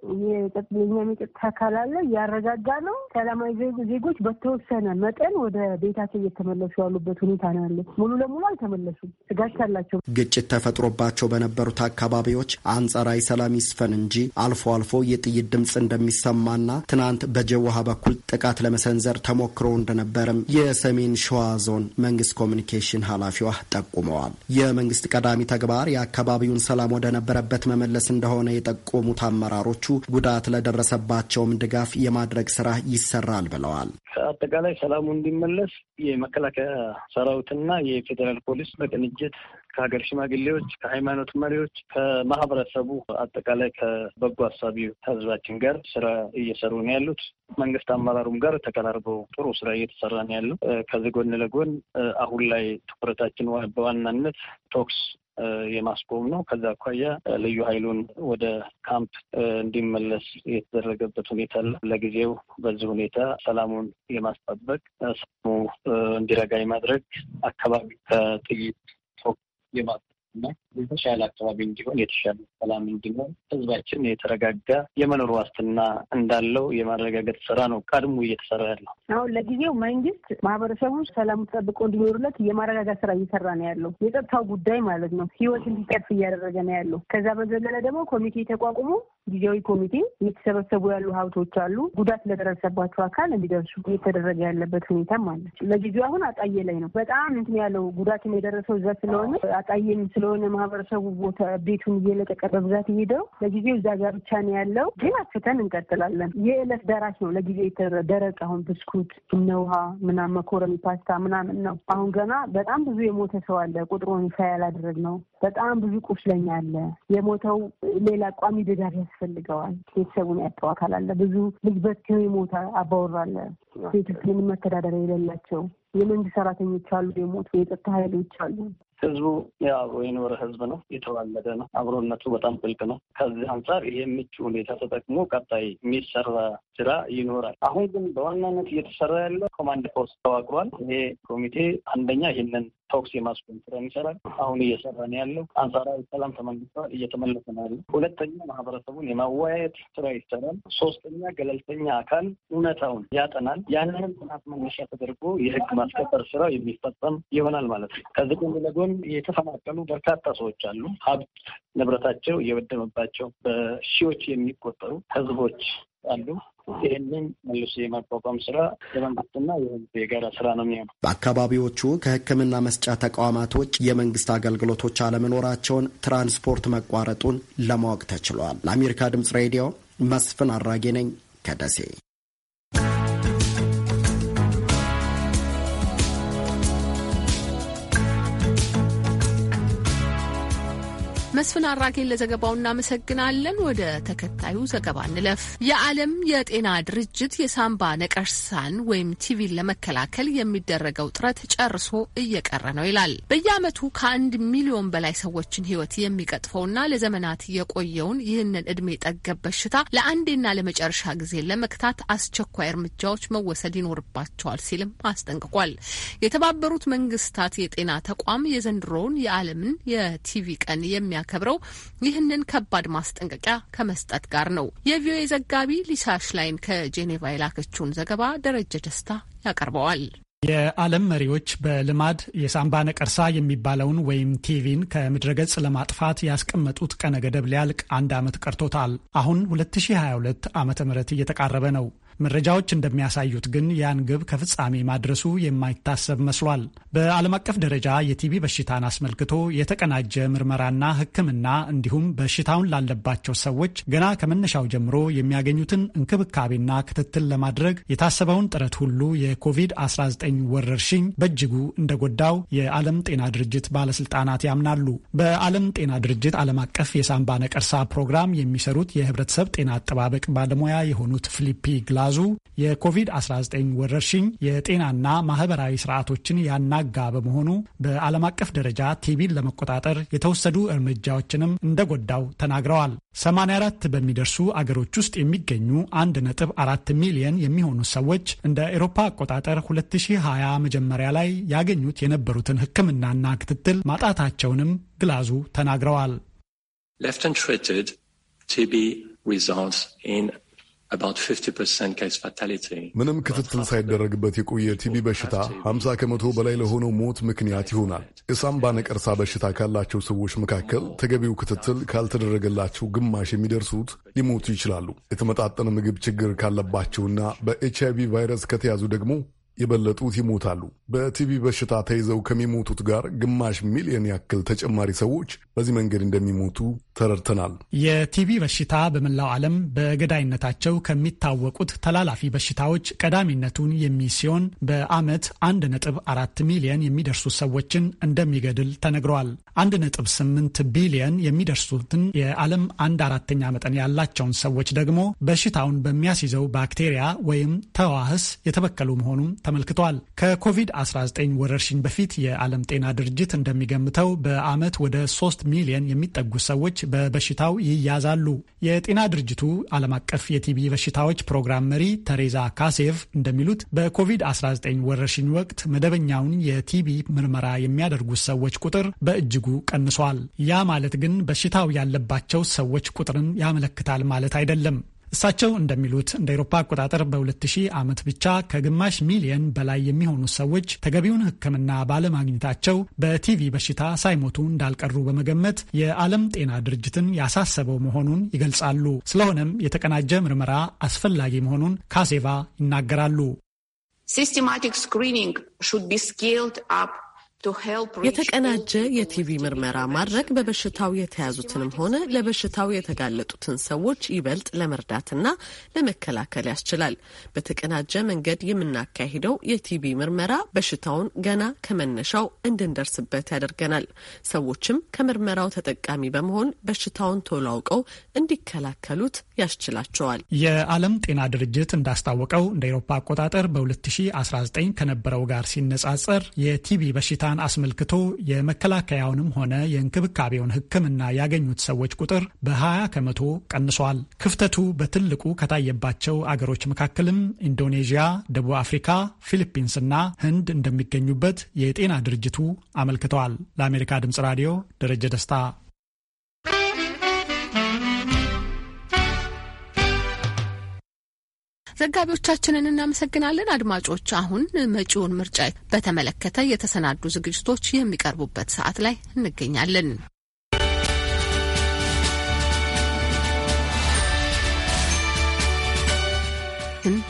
የኛም የጸጥታ አካል አለ፣ እያረጋጋ ነው። ሰላማዊ ዜጎች በተወሰነ መጠን ወደ ቤታቸው እየተመለሱ ያሉበት ሁኔታ ነው ያለ። ሙሉ ለሙሉ አልተመለሱም፣ ስጋት አላቸው። ግጭት ተፈጥሮባቸው በነበሩት አካባቢዎች አንጻራዊ ሰላም ይስፈን እንጂ አልፎ አልፎ የጥይት ድምፅ እንደሚሰማ ከተማና ትናንት በጀዋሃ በኩል ጥቃት ለመሰንዘር ተሞክሮ እንደነበርም የሰሜን ሸዋ ዞን መንግስት ኮሚኒኬሽን ኃላፊዋ ጠቁመዋል። የመንግስት ቀዳሚ ተግባር የአካባቢውን ሰላም ወደነበረበት መመለስ እንደሆነ የጠቆሙት አመራሮቹ ጉዳት ለደረሰባቸውም ድጋፍ የማድረግ ስራ ይሰራል ብለዋል። አጠቃላይ ሰላሙ እንዲመለስ የመከላከያ ሰራዊትና የፌዴራል ፖሊስ በቅንጅት ከሀገር ሽማግሌዎች፣ ከሃይማኖት መሪዎች፣ ከማህበረሰቡ አጠቃላይ ከበጎ አሳቢ ህዝባችን ጋር ስራ እየሰሩ ነው ያሉት። መንግስት አመራሩም ጋር ተቀራርበው ጥሩ ስራ እየተሰራ ነው ያለው። ከዚህ ጎን ለጎን አሁን ላይ ትኩረታችን በዋናነት ቶክስ የማስቆም ነው። ከዛ አኳያ ልዩ ኃይሉን ወደ ካምፕ እንዲመለስ የተደረገበት ሁኔታ አለ። ለጊዜው በዚህ ሁኔታ ሰላሙን የማስጠበቅ ሰሙ እንዲረጋ የማድረግ አካባቢ ከጥይት ये बात है ना የተሻለ አካባቢ እንዲሆን የተሻለ ሰላም እንዲሆን ህዝባችን የተረጋጋ የመኖር ዋስትና እንዳለው የማረጋገጥ ስራ ነው ቀድሞ እየተሰራ ያለው። አሁን ለጊዜው መንግስት ማህበረሰቡ ሰላም ጠብቆ እንዲኖሩለት የማረጋጋት ስራ እየሰራ ነው ያለው። የጸጥታው ጉዳይ ማለት ነው ህይወት እንዲቀርፍ እያደረገ ነው ያለው። ከዛ በዘለለ ደግሞ ኮሚቴ ተቋቁሞ ጊዜያዊ ኮሚቴ እየተሰበሰቡ ያሉ ሀብቶች አሉ ጉዳት ለደረሰባቸው አካል እንዲደርሱ እየተደረገ ያለበት ሁኔታም አለ። ለጊዜው አሁን አጣዬ ላይ ነው በጣም እንትን ያለው ጉዳት የደረሰው እዛ ስለሆነ አጣዬም ስለሆነ ማህበረሰቡ ቦታ ቤቱን እየለቀቀ በብዛት የሄደው ለጊዜው እዛ ጋር ብቻ ነው ያለው። ግን አስፍተን እንቀጥላለን። የዕለት ደራሽ ነው። ለጊዜው ደረቅ አሁን ብስኩት እነውሃ ምናም መኮረሚ መኮረኒ፣ ፓስታ ምናምን ነው። አሁን ገና በጣም ብዙ የሞተ ሰው አለ። ቁጥሩን ይፋ ያላደረግ ነው። በጣም ብዙ ቁስለኛ አለ። የሞተው ሌላ ቋሚ ድጋፍ ያስፈልገዋል። ቤተሰቡን ያጠው አካል አለ። ብዙ ልጅ በትኖ የሞተ አባወራ አለ። ቤተክንም መተዳደሪያ የሌላቸው የመንግስት ሰራተኞች አሉ፣ የሞቱ የጸጥታ ኃይሎች አሉ። ህዝቡ የአብሮ የኖረ ህዝብ ነው። የተዋለደ ነው። አብሮነቱ በጣም ጥልቅ ነው። ከዚህ አንጻር ይሄ ምቹ ሁኔታ ተጠቅሞ ቀጣይ የሚሰራ ስራ ይኖራል። አሁን ግን በዋናነት እየተሰራ ያለው ኮማንድ ፖስት ተዋቅሯል። ይሄ ኮሚቴ አንደኛ ይህንን ተኩስ የማስቆም ስራ ይሰራል። አሁን እየሰራ ነው ያለው። አንጻራዊ ሰላም ተመልሰዋል፣ እየተመለሰ ነው ያለው። ሁለተኛ ማህበረሰቡን የማወያየት ስራ ይሰራል። ሶስተኛ ገለልተኛ አካል እውነታውን ያጠናል። ያንንም ጥናት መነሻ ተደርጎ የህግ ማስከበር ስራ የሚፈጸም ይሆናል ማለት ነው። ከዚህ ጎን ለጎን የተፈናቀሉ በርካታ ሰዎች አሉ። ሀብት ንብረታቸው እየወደመባቸው በሺዎች የሚቆጠሩ ህዝቦች አሉ። ይህንን መልሶ የማቋቋም ስራ የመንግስትና የህዝብ የጋራ ስራ ነው የሚሆነው። በአካባቢዎቹ ከህክምና መስጫ ተቋማት ውጭ የመንግስት አገልግሎቶች አለመኖራቸውን፣ ትራንስፖርት መቋረጡን ለማወቅ ተችሏል። ለአሜሪካ ድምጽ ሬዲዮ መስፍን አራጌ ነኝ ከደሴ። መስፍን አራጌን ለዘገባው እናመሰግናለን። ወደ ተከታዩ ዘገባ እንለፍ። የዓለም የጤና ድርጅት የሳምባ ነቀርሳን ወይም ቲቪን ለመከላከል የሚደረገው ጥረት ጨርሶ እየቀረ ነው ይላል። በየዓመቱ ከአንድ ሚሊዮን በላይ ሰዎችን ሕይወት የሚቀጥፈውና ለዘመናት የቆየውን ይህንን እድሜ ጠገብ በሽታ ለአንዴና ለመጨረሻ ጊዜ ለመክታት አስቸኳይ እርምጃዎች መወሰድ ይኖርባቸዋል ሲልም አስጠንቅቋል። የተባበሩት መንግስታት የጤና ተቋም የዘንድሮውን የዓለምን የቲቪ ቀን የሚያ ተከብረው ይህንን ከባድ ማስጠንቀቂያ ከመስጠት ጋር ነው። የቪኦኤ ዘጋቢ ሊሳ ሽላይን ከጄኔቫ የላከችውን ዘገባ ደረጀ ደስታ ያቀርበዋል። የዓለም መሪዎች በልማድ የሳምባ ነቀርሳ የሚባለውን ወይም ቲቪን ከምድረገጽ ለማጥፋት ያስቀመጡት ቀነ ገደብ ሊያልቅ አንድ ዓመት ቀርቶታል። አሁን 2022 ዓ ም እየተቃረበ ነው። መረጃዎች እንደሚያሳዩት ግን ያን ግብ ከፍጻሜ ማድረሱ የማይታሰብ መስሏል። በዓለም አቀፍ ደረጃ የቲቢ በሽታን አስመልክቶ የተቀናጀ ምርመራና ሕክምና እንዲሁም በሽታውን ላለባቸው ሰዎች ገና ከመነሻው ጀምሮ የሚያገኙትን እንክብካቤና ክትትል ለማድረግ የታሰበውን ጥረት ሁሉ የኮቪድ-19 ወረርሽኝ በእጅጉ እንደጎዳው የዓለም ጤና ድርጅት ባለስልጣናት ያምናሉ። በዓለም ጤና ድርጅት ዓለም አቀፍ የሳምባ ነቀርሳ ፕሮግራም የሚሰሩት የህብረተሰብ ጤና አጠባበቅ ባለሙያ የሆኑት ፊሊፒ ግላ አያያዙ የኮቪድ-19 ወረርሽኝ የጤናና ማህበራዊ ስርዓቶችን ያናጋ በመሆኑ በዓለም አቀፍ ደረጃ ቲቢን ለመቆጣጠር የተወሰዱ እርምጃዎችንም እንደጎዳው ተናግረዋል። 84 በሚደርሱ አገሮች ውስጥ የሚገኙ 1.4 ሚሊየን የሚሆኑ ሰዎች እንደ ኤሮፓ አቆጣጠር 2020 መጀመሪያ ላይ ያገኙት የነበሩትን ሕክምናና ክትትል ማጣታቸውንም ግላዙ ተናግረዋል። Left untreated, TB results in ምንም ክትትል ሳይደረግበት የቆየ ቲቢ በሽታ 50 ከመቶ በላይ ለሆነው ሞት ምክንያት ይሆናል። የሳምባ ነቀርሳ በሽታ ካላቸው ሰዎች መካከል ተገቢው ክትትል ካልተደረገላቸው ግማሽ የሚደርሱት ሊሞቱ ይችላሉ። የተመጣጠነ ምግብ ችግር ካለባቸውና በኤች አይ ቪ ቫይረስ ከተያዙ ደግሞ የበለጡት ይሞታሉ። በቲቢ በሽታ ተይዘው ከሚሞቱት ጋር ግማሽ ሚሊዮን ያክል ተጨማሪ ሰዎች በዚህ መንገድ እንደሚሞቱ ተረድተናል። የቲቢ በሽታ በመላው ዓለም በገዳይነታቸው ከሚታወቁት ተላላፊ በሽታዎች ቀዳሚነቱን የሚይዝ ሲሆን በዓመት አራት ሚሊየን የሚደርሱ ሰዎችን እንደሚገድል ተነግረዋል። ስምንት ቢሊየን የሚደርሱትን የዓለም አንድ አራተኛ መጠን ያላቸውን ሰዎች ደግሞ በሽታውን በሚያስይዘው ባክቴሪያ ወይም ተዋህስ የተበከሉ መሆኑም ተመልክቷል። ከኮቪድ-19 ወረርሽኝ በፊት የዓለም ጤና ድርጅት እንደሚገምተው በዓመት ወደ 3 ሚሊዮን የሚጠጉ ሰዎች በበሽታው ይያዛሉ። የጤና ድርጅቱ ዓለም አቀፍ የቲቢ በሽታዎች ፕሮግራም መሪ ተሬዛ ካሴቭ እንደሚሉት በኮቪድ-19 ወረርሽኝ ወቅት መደበኛውን የቲቢ ምርመራ የሚያደርጉ ሰዎች ቁጥር በእጅጉ ቀንሷል። ያ ማለት ግን በሽታው ያለባቸው ሰዎች ቁጥርን ያመለክታል ማለት አይደለም። እሳቸው እንደሚሉት እንደ ኤሮፓ አቆጣጠር በ2000 ዓመት ብቻ ከግማሽ ሚሊየን በላይ የሚሆኑ ሰዎች ተገቢውን ሕክምና ባለማግኘታቸው በቲቪ በሽታ ሳይሞቱ እንዳልቀሩ በመገመት የዓለም ጤና ድርጅትን ያሳሰበው መሆኑን ይገልጻሉ። ስለሆነም የተቀናጀ ምርመራ አስፈላጊ መሆኑን ካሴቫ ይናገራሉ። ሲስቲማቲክ ስክሪኒንግ ሹድ ቢ ስኬልድ አፕ የተቀናጀ የቲቪ ምርመራ ማድረግ በበሽታው የተያዙትንም ሆነ ለበሽታው የተጋለጡትን ሰዎች ይበልጥ ለመርዳትና ለመከላከል ያስችላል። በተቀናጀ መንገድ የምናካሂደው የቲቪ ምርመራ በሽታውን ገና ከመነሻው እንድንደርስበት ያደርገናል። ሰዎችም ከምርመራው ተጠቃሚ በመሆን በሽታውን ቶሎ አውቀው እንዲከላከሉት ያስችላቸዋል። የዓለም ጤና ድርጅት እንዳስታወቀው እንደ ኤሮፓ አቆጣጠር በ2019 ከነበረው ጋር ሲነጻጸር የቲቪ በሽታ ጤናን አስመልክቶ የመከላከያውንም ሆነ የእንክብካቤውን ሕክምና ያገኙት ሰዎች ቁጥር በ20 ከመቶ ቀንሷል። ክፍተቱ በትልቁ ከታየባቸው አገሮች መካከልም ኢንዶኔዥያ፣ ደቡብ አፍሪካ፣ እና ህንድ እንደሚገኙበት የጤና ድርጅቱ አመልክተዋል። ለአሜሪካ ድምጽ ራዲዮ ደረጀ ደስታ ዘጋቢዎቻችንን እናመሰግናለን። አድማጮች፣ አሁን መጪውን ምርጫ በተመለከተ የተሰናዱ ዝግጅቶች የሚቀርቡበት ሰዓት ላይ እንገኛለን።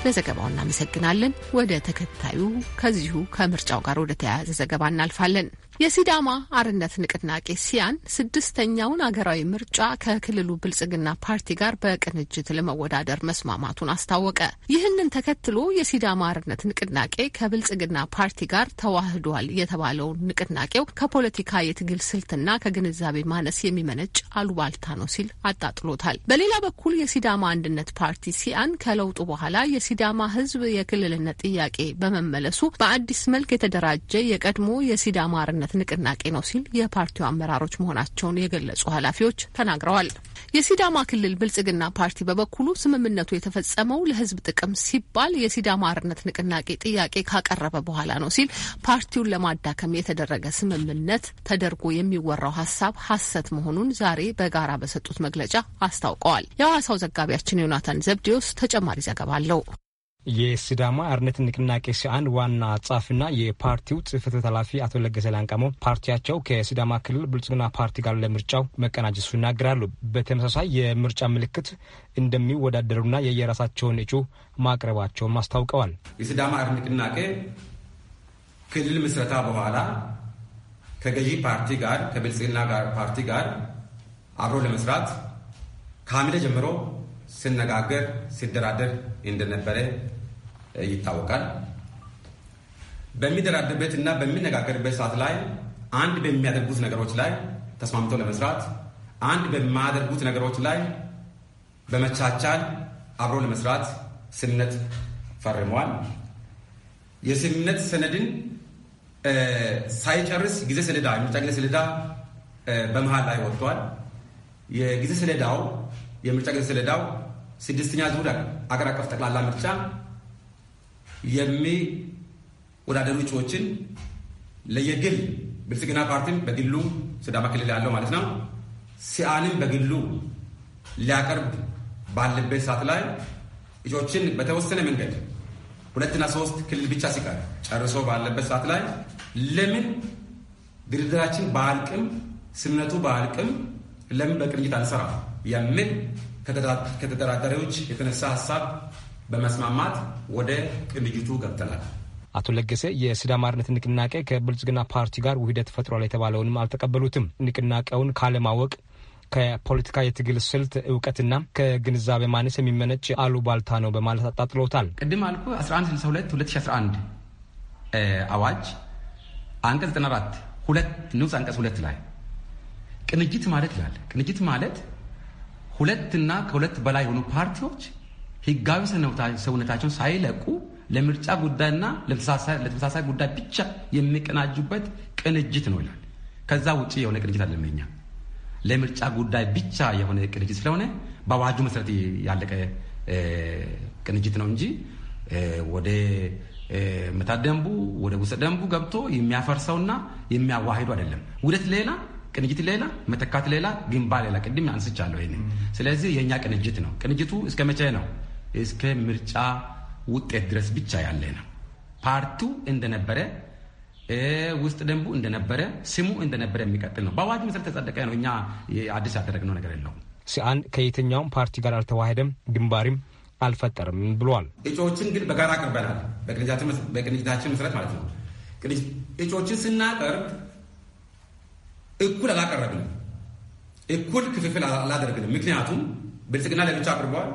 ለዘገባው እናመሰግናለን። ወደ ተከታዩ ከዚሁ ከምርጫው ጋር ወደ ተያያዘ ዘገባ እናልፋለን። የሲዳማ አርነት ንቅናቄ ሲያን ስድስተኛውን አገራዊ ምርጫ ከክልሉ ብልጽግና ፓርቲ ጋር በቅንጅት ለመወዳደር መስማማቱን አስታወቀ። ይህንን ተከትሎ የሲዳማ አርነት ንቅናቄ ከብልጽግና ፓርቲ ጋር ተዋህዷል የተባለውን ንቅናቄው ከፖለቲካ የትግል ስልትና ከግንዛቤ ማነስ የሚመነጭ አሉባልታ ነው ሲል አጣጥሎታል። በሌላ በኩል የሲዳማ አንድነት ፓርቲ ሲያን ከለውጡ በኋላ የሲዳማ ሕዝብ የክልልነት ጥያቄ በመመለሱ በአዲስ መልክ የተደራጀ የቀድሞ የሲዳማ አርነት ነጻነት ንቅናቄ ነው ሲል የፓርቲው አመራሮች መሆናቸውን የገለጹ ኃላፊዎች ተናግረዋል። የሲዳማ ክልል ብልጽግና ፓርቲ በበኩሉ ስምምነቱ የተፈጸመው ለሕዝብ ጥቅም ሲባል የሲዳማ አርነት ንቅናቄ ጥያቄ ካቀረበ በኋላ ነው ሲል ፓርቲውን ለማዳከም የተደረገ ስምምነት ተደርጎ የሚወራው ሀሳብ ሀሰት መሆኑን ዛሬ በጋራ በሰጡት መግለጫ አስታውቀዋል። የሐዋሳው ዘጋቢያችን ዮናታን ዘብዲዮስ ተጨማሪ ዘገባ አለው። የሲዳማ አርነት ንቅናቄ ሲአን ዋና ጻፍና የፓርቲው ጽህፈት ኃላፊ አቶ ለገሰ ላንቃሞ ፓርቲያቸው ከሲዳማ ክልል ብልጽግና ፓርቲ ጋር ለምርጫው መቀናጀሱ ይናገራሉ። በተመሳሳይ የምርጫ ምልክት እንደሚወዳደሩና የየራሳቸውን እጩ ማቅረባቸውን አስታውቀዋል። የሲዳማ አርነት ንቅናቄ ክልል ምስረታ በኋላ ከገዢ ፓርቲ ጋር ከብልጽግና ጋር ፓርቲ ጋር አብሮ ለመስራት ከሐምሌ ጀምሮ ስነጋገር ሲደራደር እንደነበረ ይታወቃል። በሚደራደርበት እና በሚነጋገርበት ሰዓት ላይ አንድ በሚያደርጉት ነገሮች ላይ ተስማምተው ለመስራት አንድ በማያደርጉት ነገሮች ላይ በመቻቻል አብሮ ለመስራት ስምምነት ፈርመዋል። የስምምነት ሰነድን ሳይጨርስ ጊዜ ሰሌዳ የምርጫ ጊዜ ሰሌዳ በመሀል ላይ ወጥቷል። የጊዜ ሰሌዳው የምርጫ ጊዜ ሰሌዳው ስድስተኛ ዙር አገር አቀፍ ጠቅላላ ምርጫ የሚወዳደሩ እጩዎችን ለየግል ብልጽግና ፓርቲም በግሉ ሲዳማ ክልል ያለው ማለት ነው ሲአንም በግሉ ሊያቀርብ ባለበት ሰዓት ላይ እጩዎችን በተወሰነ መንገድ ሁለትና ሶስት ክልል ብቻ ሲቀር ጨርሶ ባለበት ሰዓት ላይ ለምን ድርድራችን በአልቅም ስምነቱ በአልቅም ለምን በቅንጅት አንሰራ የሚል ከተደራዳሪዎች የተነሳ ሀሳብ በመስማማት ወደ ቅንጅቱ ገብተናል። አቶ ለገሰ የሲዳማ አርነት ንቅናቄ ከብልጽግና ፓርቲ ጋር ውህደት ፈጥሯል የተባለውንም አልተቀበሉትም። ንቅናቄውን ካለማወቅ ከፖለቲካ የትግል ስልት እውቀትና ከግንዛቤ ማነስ የሚመነጭ አሉባልታ ነው በማለት አጣጥሎታል። ቅድም አልኩ 1162 2011 አዋጅ አንቀጽ 94 ሁለት ንዑስ አንቀጽ ሁለት ላይ ቅንጅት ማለት ይላል። ቅንጅት ማለት ሁለትና ከሁለት በላይ የሆኑ ፓርቲዎች ህጋዊ ሰውነታቸውን ሳይለቁ ለምርጫ ጉዳይና ለተመሳሳይ ጉዳይ ብቻ የሚቀናጁበት ቅንጅት ነው ይላል። ከዛ ውጭ የሆነ ቅንጅት አለመኛ ለምርጫ ጉዳይ ብቻ የሆነ ቅንጅት ስለሆነ በአዋጁ መሰረት ያለቀ ቅንጅት ነው እንጂ ወደ ደንቡ ወደ ውስጥ ደንቡ ገብቶ የሚያፈርሰውና የሚያዋሂዱ አይደለም። ውደት ሌላ፣ ቅንጅት ሌላ፣ መተካት ሌላ፣ ግንባር ሌላ። ቅድም አንስቻለሁ ይሄንን። ስለዚህ የእኛ ቅንጅት ነው። ቅንጅቱ እስከ መቼ ነው? እስከ ምርጫ ውጤት ድረስ ብቻ ያለ ነው። ፓርቲው እንደነበረ ውስጥ ደንቡ እንደነበረ ስሙ እንደነበረ የሚቀጥል ነው። በአዋጅ መሰረት ተጸደቀ ነው። እኛ አዲስ ያደረግነው ነገር የለውም። ሲአን ከየትኛውም ፓርቲ ጋር አልተዋሄደም፣ ግንባሪም አልፈጠርም ብሏል። እጩዎችን ግን በጋራ አቅርበናል። በቅንጅታችን መሰረት ማለት ነው። እጩዎችን ስናቀርብ እኩል አላቀረብንም፣ እኩል ክፍፍል አላደረግንም። ምክንያቱም ብልጽግና ለብቻ አቅርበዋል፣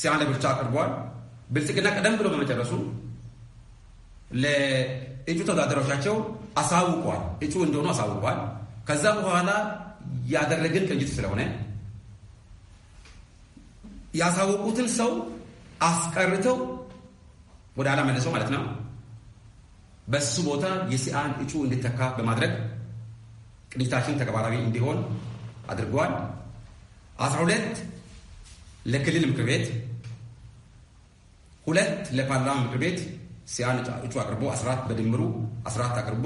ሲያለ ብቻ አቅርቧል። ብልጽግና ቀደም ብሎ በመጨረሱ ለእጩ ተወዳዳሪዎቻቸው አሳውቋል። እጩ እንደሆኑ አሳውቋል። ከዛ በኋላ ያደረግን ቅንጅት ስለሆነ ያሳወቁትን ሰው አስቀርተው ወደ ኋላ መልሰው ማለት ነው በሱ ቦታ የሲአን እጩ እንዲተካ በማድረግ ቅንጅታችን ተግባራዊ እንዲሆን አድርገዋል። አስራ ሁለት ለክልል ምክር ቤት ሁለት ለፓርላማ ምክር ቤት ሲያን እጩ አቅርቦ አስራት በድምሩ አስራት አቅርቦ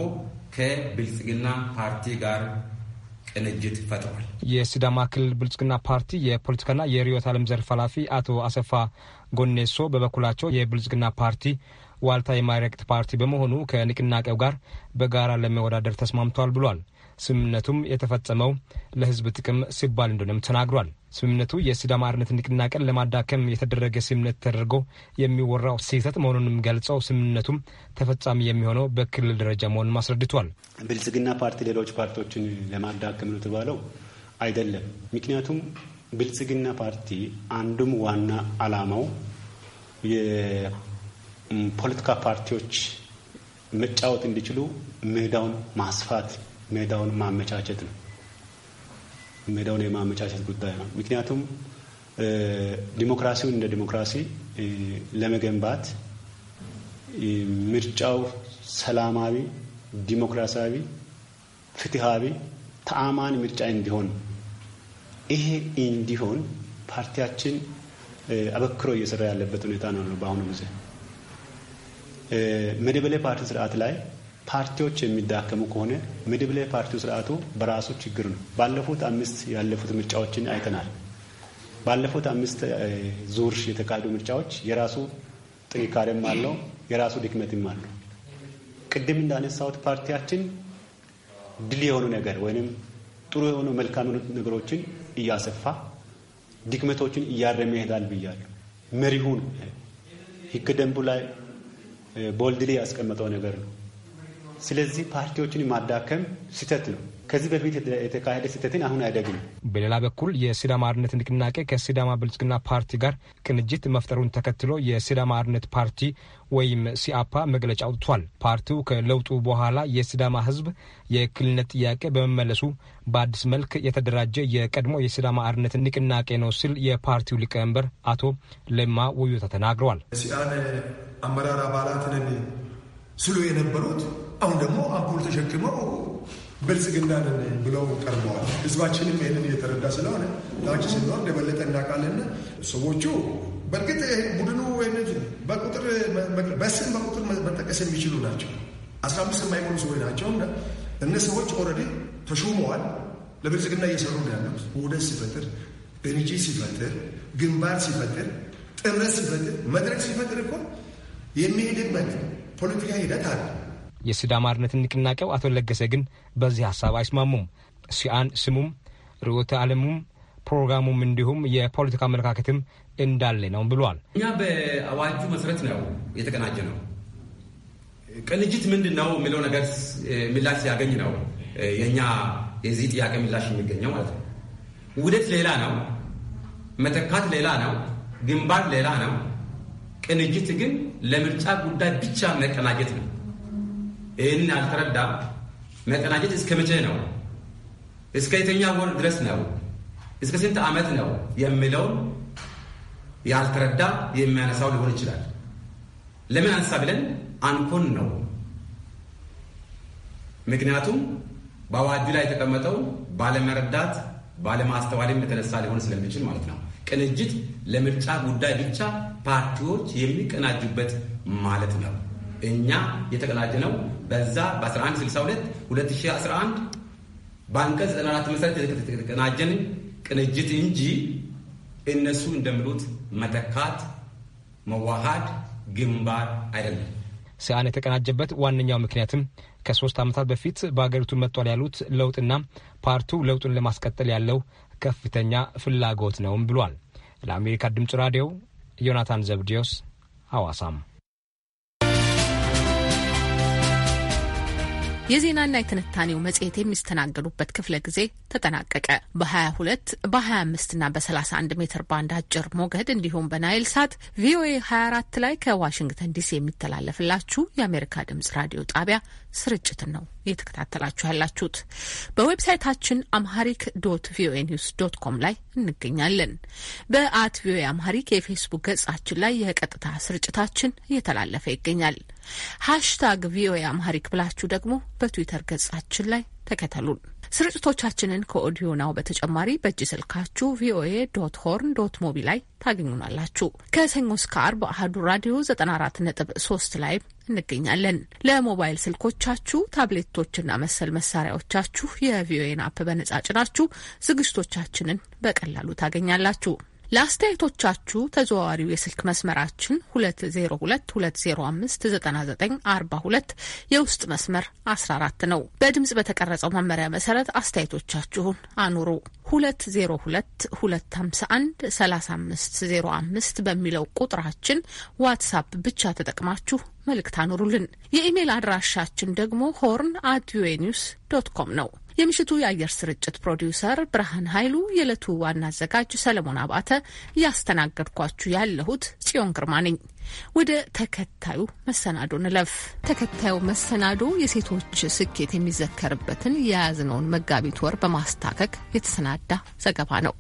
ከብልጽግና ፓርቲ ጋር ቅንጅት ፈጥሯል። የሲዳማ ክልል ብልጽግና ፓርቲ የፖለቲካና የርዕዮተ ዓለም ዘርፍ ኃላፊ አቶ አሰፋ ጎኔሶ በበኩላቸው የብልጽግና ፓርቲ ዋልታ የማይረግጥ ፓርቲ በመሆኑ ከንቅናቄው ጋር በጋራ ለመወዳደር ተስማምቷል ብሏል። ስምምነቱም የተፈጸመው ለሕዝብ ጥቅም ሲባል እንደሆነም ተናግሯል። ስምምነቱ የሲዳማ አርነት ንቅናቄን ለማዳከም የተደረገ ስምምነት ተደርጎ የሚወራው ስህተት መሆኑንም ገልጸው ስምምነቱም ተፈጻሚ የሚሆነው በክልል ደረጃ መሆኑን አስረድቷል። ብልጽግና ፓርቲ ሌሎች ፓርቲዎችን ለማዳከም ነው የተባለው አይደለም። ምክንያቱም ብልጽግና ፓርቲ አንዱም ዋና አላማው የፖለቲካ ፓርቲዎች መጫወት እንዲችሉ ሜዳውን ማስፋት ሜዳውን ማመቻቸት ነው። የሚሄደውን የማመቻቸት ጉዳይ ነው። ምክንያቱም ዲሞክራሲውን እንደ ዲሞክራሲ ለመገንባት ምርጫው ሰላማዊ፣ ዲሞክራሲያዊ፣ ፍትሃዊ፣ ተአማን ምርጫ እንዲሆን ይሄ እንዲሆን ፓርቲያችን አበክሮ እየሰራ ያለበት ሁኔታ ነው። በአሁኑ ጊዜ መደበለ ፓርቲ ስርዓት ላይ ፓርቲዎች የሚዳከሙ ከሆነ ምድብ ላይ ፓርቲው ስርዓቱ በራሱ ችግር ነው። ባለፉት አምስት ያለፉት ምርጫዎችን አይተናል። ባለፉት አምስት ዙር የተካሄዱ ምርጫዎች የራሱ ጥንካሬም አለው፣ የራሱ ድክመትም አለው። ቅድም እንዳነሳሁት ፓርቲያችን ድል የሆኑ ነገር ወይም ጥሩ የሆኑ መልካም ነገሮችን እያሰፋ ድክመቶችን እያረመ ይሄዳል ብያለሁ። መሪሁን ህግ ደንቡ ላይ ቦልድሊ ያስቀመጠው ነገር ነው። ስለዚህ ፓርቲዎችን የማዳከም ስህተት ነው። ከዚህ በፊት የተካሄደ ስህተትን አሁን አይደግም። በሌላ በኩል የሲዳማ አርነት ንቅናቄ ከሲዳማ ብልጽግና ፓርቲ ጋር ቅንጅት መፍጠሩን ተከትሎ የሲዳማ አርነት ፓርቲ ወይም ሲአፓ መግለጫ አውጥቷል። ፓርቲው ከለውጡ በኋላ የሲዳማ ህዝብ የክልልነት ጥያቄ በመመለሱ በአዲስ መልክ የተደራጀ የቀድሞ የሲዳማ አርነት ንቅናቄ ነው ሲል የፓርቲው ሊቀመንበር አቶ ለማ ውዩታ ተናግረዋል። ሲአን አመራር አባላት ነን ስሉ የነበሩት አሁን ደግሞ አምፖል ተሸክመው ነን ብለው ቀርበዋል። ህዝባችንም ይህንን እየተረዳ ስለሆነ ታች ስንወርድ የበለጠ እናውቃለን። ሰዎቹ በእርግጥ ቡድኑ በቁጥር በስም በቁጥር መጠቀስ የሚችሉ ናቸው። አስራ አምስት የማይሞሉ ሰዎች ናቸው እነ ሰዎች ኦልሬዲ ተሾመዋል። ለብልጽግና እየሰሩ ነው ያሉት። ውህደት ሲፈጥር፣ እንጂ ሲፈጥር፣ ግንባር ሲፈጥር፣ ጥምረት ሲፈጥር፣ መድረክ ሲፈጥር እኮ የሚሄድበት ፖለቲካ ሂደት አለ። የሲዳማ አርነት ንቅናቄው አቶ ለገሰ ግን በዚህ ሀሳብ አይስማሙም። ሲአን ስሙም ርዕዮተ ዓለሙም ፕሮግራሙም እንዲሁም የፖለቲካ አመለካከትም እንዳለ ነው ብሏል። እኛ በአዋጁ መሰረት ነው የተቀናጀ ነው። ቅንጅት ምንድን ነው የሚለው ነገር ምላሽ ሲያገኝ ነው የእኛ የዚህ ጥያቄ ምላሽ የሚገኘው ማለት ነው። ውህደት ሌላ ነው፣ መተካት ሌላ ነው፣ ግንባር ሌላ ነው ቅንጅት ግን ለምርጫ ጉዳይ ብቻ መቀናጀት ነው። ይህንን ያልተረዳ መቀናጀት እስከ መቼ ነው? እስከ የተኛ ወር ድረስ ነው? እስከ ስንት ዓመት ነው የሚለው ያልተረዳ የሚያነሳው ሊሆን ይችላል። ለምን አንሳ ብለን አንኮን ነው። ምክንያቱም በአዋጁ ላይ የተቀመጠው ባለመረዳት ባለማስተዋልም የተነሳ ሊሆን ስለሚችል ማለት ነው። ቅንጅት ለምርጫ ጉዳይ ብቻ ፓርቲዎች የሚቀናጁበት ማለት ነው። እኛ የተቀናጀ ነው በዛ በ1162 2011 በአንቀጽ 94 መሰረት የተቀናጀን ቅንጅት እንጂ እነሱ እንደሚሉት መተካት፣ መዋሃድ፣ ግንባር አይደለም። ሲያን የተቀናጀበት ዋነኛው ምክንያትም ከሶስት ዓመታት በፊት በአገሪቱ መጥቷል ያሉት ለውጥና ፓርቲው ለውጡን ለማስቀጠል ያለው ከፍተኛ ፍላጎት ነውም ብሏል። ለአሜሪካ ድምፅ ራዲዮ ዮናታን ዘብዲዮስ ሐዋሳም። የዜናና የትንታኔው መጽሔት የሚስተናገዱበት ክፍለ ጊዜ ተጠናቀቀ። በ22 በ25ና በ31 ሜትር ባንድ አጭር ሞገድ እንዲሁም በናይል ሳት ቪኦኤ 24 ላይ ከዋሽንግተን ዲሲ የሚተላለፍላችሁ የአሜሪካ ድምጽ ራዲዮ ጣቢያ ስርጭትን ነው እየተከታተላችሁ ያላችሁት። በዌብሳይታችን አምሃሪክ ዶት ቪኦኤ ኒውስ ዶት ኮም ላይ እንገኛለን። በአት ቪኦኤ አምሃሪክ የፌስቡክ ገጻችን ላይ የቀጥታ ስርጭታችን እየተላለፈ ይገኛል። ሃሽታግ ቪኦኤ አምሃሪክ ብላችሁ ደግሞ በትዊተር ገጻችን ላይ ተከተሉን። ስርጭቶቻችንን ከኦዲዮ ናው በተጨማሪ በእጅ ስልካችሁ ቪኦኤ ዶት ሆርን ዶት ሞቢ ላይ ታገኙናላችሁ። ከሰኞ እስከ አርብ አህዱ ራዲዮ 94.3 ላይ እንገኛለን። ለሞባይል ስልኮቻችሁ ታብሌቶችና መሰል መሳሪያዎቻችሁ የቪኦኤን አፕ በነጻ ጭናችሁ ዝግጅቶቻችንን በቀላሉ ታገኛላችሁ። ለአስተያየቶቻችሁ ተዘዋዋሪው የስልክ መስመራችን 2022059942 የውስጥ መስመር 14 ነው። በድምጽ በተቀረጸው መመሪያ መሰረት አስተያየቶቻችሁን አኑሩ። 2022513505 በሚለው ቁጥራችን ዋትሳፕ ብቻ ተጠቅማችሁ መልእክት አኑሩልን። የኢሜል አድራሻችን ደግሞ ሆርን አት ቪኦኤ ኒውስ ዶት ኮም ነው። የምሽቱ የአየር ስርጭት ፕሮዲውሰር ብርሃን ኃይሉ፣ የዕለቱ ዋና አዘጋጅ ሰለሞን አባተ፣ እያስተናገድኳችሁ ያለሁት ጽዮን ግርማ ነኝ። ወደ ተከታዩ መሰናዶ ንለፍ። ተከታዩ መሰናዶ የሴቶች ስኬት የሚዘከርበትን የያዝነውን መጋቢት ወር በማስታከክ የተሰናዳ ዘገባ ነው።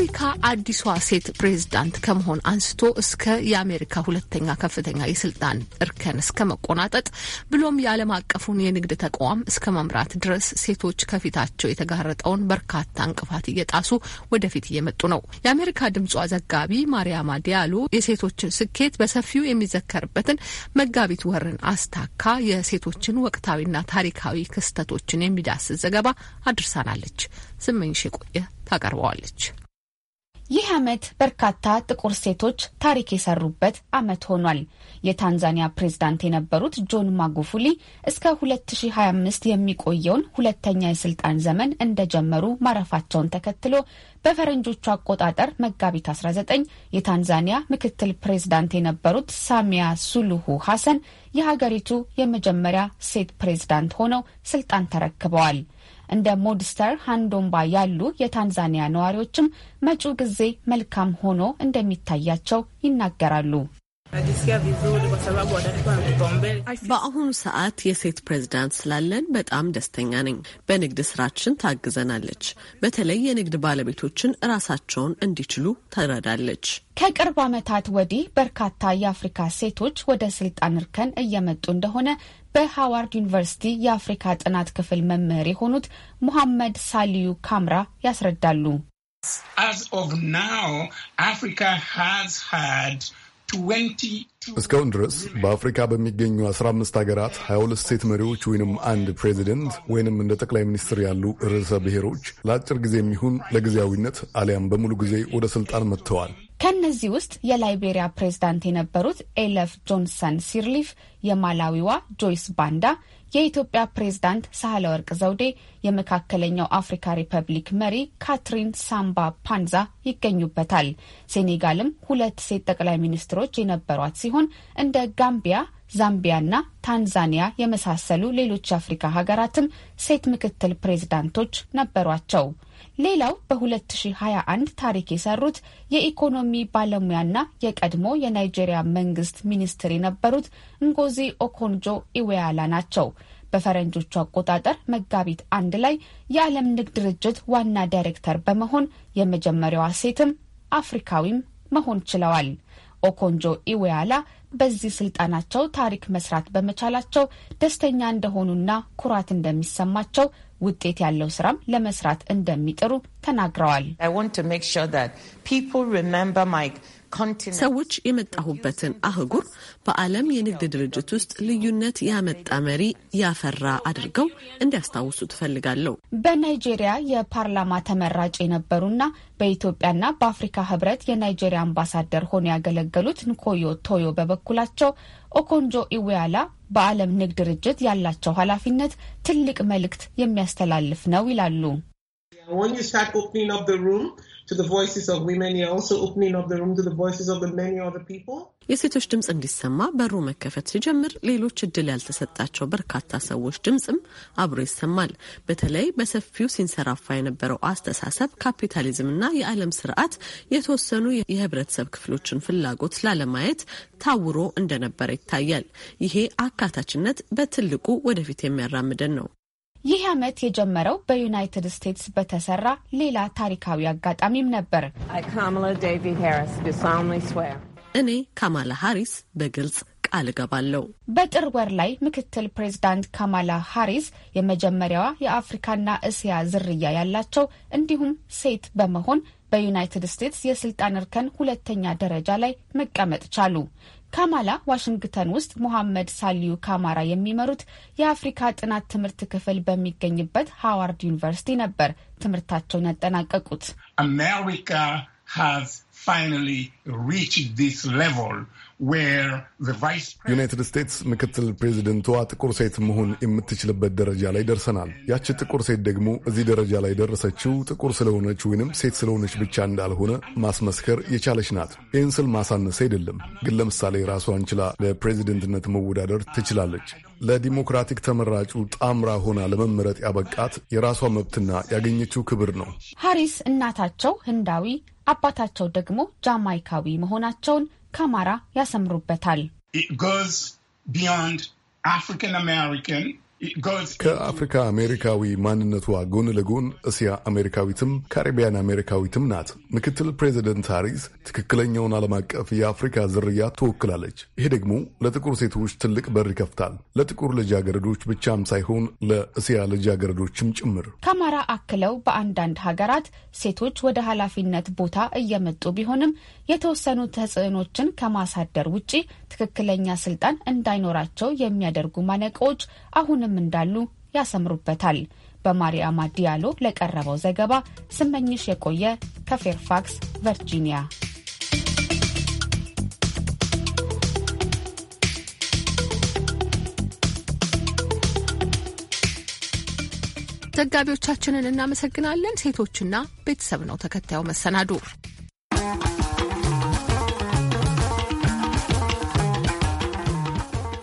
የአፍሪካ አዲሷ ሴት ፕሬዝዳንት ከመሆን አንስቶ እስከ የአሜሪካ ሁለተኛ ከፍተኛ የስልጣን እርከን እስከ መቆናጠጥ ብሎም የዓለም አቀፉን የንግድ ተቋም እስከ መምራት ድረስ ሴቶች ከፊታቸው የተጋረጠውን በርካታ እንቅፋት እየጣሱ ወደፊት እየመጡ ነው። የአሜሪካ ድምጿ ዘጋቢ ማርያማ ዲያሎ የሴቶችን ስኬት በሰፊው የሚዘከርበትን መጋቢት ወርን አስታካ የሴቶችን ወቅታዊና ታሪካዊ ክስተቶችን የሚዳስስ ዘገባ አድርሳናለች። ስመኝሽ የቆየ ታቀርበዋለች። ይህ ዓመት በርካታ ጥቁር ሴቶች ታሪክ የሰሩበት ዓመት ሆኗል። የታንዛኒያ ፕሬዝዳንት የነበሩት ጆን ማጉፉሊ እስከ 2025 የሚቆየውን ሁለተኛ የስልጣን ዘመን እንደጀመሩ ማረፋቸውን ተከትሎ በፈረንጆቹ አቆጣጠር መጋቢት 19 የታንዛኒያ ምክትል ፕሬዝዳንት የነበሩት ሳሚያ ሱሉሁ ሐሰን የሀገሪቱ የመጀመሪያ ሴት ፕሬዝዳንት ሆነው ስልጣን ተረክበዋል። እንደ ሞድስተር ሃንዶምባ ያሉ የታንዛኒያ ነዋሪዎችም መጪው ጊዜ መልካም ሆኖ እንደሚታያቸው ይናገራሉ። በአሁኑ ሰዓት የሴት ፕሬዝዳንት ስላለን በጣም ደስተኛ ነኝ። በንግድ ስራችን ታግዘናለች። በተለይ የንግድ ባለቤቶችን እራሳቸውን እንዲችሉ ትረዳለች። ከቅርብ ዓመታት ወዲህ በርካታ የአፍሪካ ሴቶች ወደ ስልጣን እርከን እየመጡ እንደሆነ በሃዋርድ ዩኒቨርሲቲ የአፍሪካ ጥናት ክፍል መምህር የሆኑት ሙሐመድ ሳሊዩ ካምራ ያስረዳሉ። As of now, Africa has had እስካሁን ድረስ በአፍሪካ በሚገኙ 15 ሀገራት 22 ሴት መሪዎች ወይንም አንድ ፕሬዚደንት ወይንም እንደ ጠቅላይ ሚኒስትር ያሉ ርዕሰ ብሔሮች ለአጭር ጊዜ የሚሆን ለጊዜያዊነት አሊያም በሙሉ ጊዜ ወደ ስልጣን መጥተዋል። ከእነዚህ ውስጥ የላይቤሪያ ፕሬዝዳንት የነበሩት ኤለፍ ጆንሰን ሲርሊፍ፣ የማላዊዋ ጆይስ ባንዳ፣ የኢትዮጵያ ፕሬዝዳንት ሳህለ ወርቅ ዘውዴ፣ የመካከለኛው አፍሪካ ሪፐብሊክ መሪ ካትሪን ሳምባ ፓንዛ ይገኙበታል። ሴኔጋልም ሁለት ሴት ጠቅላይ ሚኒስትሮች የነበሯት ሲሆን እንደ ጋምቢያ ዛምቢያና ታንዛኒያ የመሳሰሉ ሌሎች የአፍሪካ ሀገራትም ሴት ምክትል ፕሬዝዳንቶች ነበሯቸው። ሌላው በ2021 ታሪክ የሰሩት የኢኮኖሚ ባለሙያና የቀድሞ የናይጄሪያ መንግስት ሚኒስትር የነበሩት እንጎዚ ኦኮንጆ ኢዌያላ ናቸው። በፈረንጆቹ አቆጣጠር መጋቢት አንድ ላይ የዓለም ንግድ ድርጅት ዋና ዳይሬክተር በመሆን የመጀመሪያዋ ሴትም አፍሪካዊም መሆን ችለዋል። ኦኮንጆ ኢዌያላ በዚህ ስልጣናቸው ታሪክ መስራት በመቻላቸው ደስተኛ እንደሆኑና ኩራት እንደሚሰማቸው ውጤት ያለው ስራም ለመስራት እንደሚጥሩ ተናግረዋል። ሰዎች የመጣሁበትን አህጉር በዓለም የንግድ ድርጅት ውስጥ ልዩነት ያመጣ መሪ ያፈራ አድርገው እንዲያስታውሱ ትፈልጋለሁ። በናይጄሪያ የፓርላማ ተመራጭ የነበሩና በኢትዮጵያና በአፍሪካ ህብረት የናይጄሪያ አምባሳደር ሆነው ያገለገሉት ንኮዮ ቶዮ በበኩላቸው ኦኮንጆ ኢዌያላ በዓለም ንግድ ድርጅት ያላቸው ኃላፊነት ትልቅ መልእክት የሚያስተላልፍ ነው ይላሉ። When you start opening up the room to the voices of women, you're also opening up the room to the voices of the many other people. የሴቶች ድምፅ እንዲሰማ በሩ መከፈት ሲጀምር ሌሎች እድል ያልተሰጣቸው በርካታ ሰዎች ድምፅም አብሮ ይሰማል። በተለይ በሰፊው ሲንሰራፋ የነበረው አስተሳሰብ ካፒታሊዝምና የዓለም ስርዓት የተወሰኑ የህብረተሰብ ክፍሎችን ፍላጎት ላለማየት ታውሮ እንደነበረ ይታያል። ይሄ አካታችነት በትልቁ ወደፊት የሚያራምደን ነው። ይህ ዓመት የጀመረው በዩናይትድ ስቴትስ በተሰራ ሌላ ታሪካዊ አጋጣሚም ነበር። እኔ ካማላ ሃሪስ በግልጽ ቃል እገባለሁ። በጥር ወር ላይ ምክትል ፕሬዚዳንት ካማላ ሃሪስ የመጀመሪያዋ የአፍሪካና እስያ ዝርያ ያላቸው እንዲሁም ሴት በመሆን በዩናይትድ ስቴትስ የስልጣን እርከን ሁለተኛ ደረጃ ላይ መቀመጥ ቻሉ። ካማላ ዋሽንግተን ውስጥ ሞሐመድ ሳሊዩ ካማራ የሚመሩት የአፍሪካ ጥናት ትምህርት ክፍል በሚገኝበት ሃዋርድ ዩኒቨርሲቲ ነበር ትምህርታቸውን ያጠናቀቁት። አሜሪካ ሃዝ ዩናይትድ ስቴትስ ምክትል ፕሬዚደንቷ ጥቁር ሴት መሆን የምትችልበት ደረጃ ላይ ደርሰናል። ያች ጥቁር ሴት ደግሞ እዚህ ደረጃ ላይ ደረሰችው ጥቁር ስለሆነች ወይንም ሴት ስለሆነች ብቻ እንዳልሆነ ማስመስከር የቻለች ናት። ይህን ስል ማሳነስ አይደለም፣ ግን ለምሳሌ ራሷን ችላ ለፕሬዚደንትነት መወዳደር ትችላለች። ለዲሞክራቲክ ተመራጩ ጣምራ ሆና ለመመረጥ ያበቃት የራሷ መብትና ያገኘችው ክብር ነው። ሃሪስ እናታቸው ህንዳዊ፣ አባታቸው ደግሞ ጃማይካዊ መሆናቸውን ከማራ ያሰምሩበታል። ከአፍሪካ አሜሪካዊ ማንነቷ ጎን ለጎን እስያ አሜሪካዊትም ካሪቢያን አሜሪካዊትም ናት። ምክትል ፕሬዚደንት ሃሪስ ትክክለኛውን ዓለም አቀፍ የአፍሪካ ዝርያ ትወክላለች። ይሄ ደግሞ ለጥቁር ሴቶች ትልቅ በር ይከፍታል። ለጥቁር ልጃገረዶች ብቻም ሳይሆን ለእስያ ልጃገረዶችም ጭምር። ከማራ አክለው በአንዳንድ ሀገራት ሴቶች ወደ ኃላፊነት ቦታ እየመጡ ቢሆንም የተወሰኑ ተጽዕኖችን ከማሳደር ውጪ ትክክለኛ ስልጣን እንዳይኖራቸው የሚያደርጉ ማነቆዎች አሁንም ምንም እንዳሉ ያሰምሩበታል። በማሪያማ ዲያሎ ለቀረበው ዘገባ ስመኝሽ የቆየ ከፌርፋክስ ቨርጂኒያ። ዘጋቢዎቻችንን እናመሰግናለን። ሴቶችና ቤተሰብ ነው ተከታዩ መሰናዱ።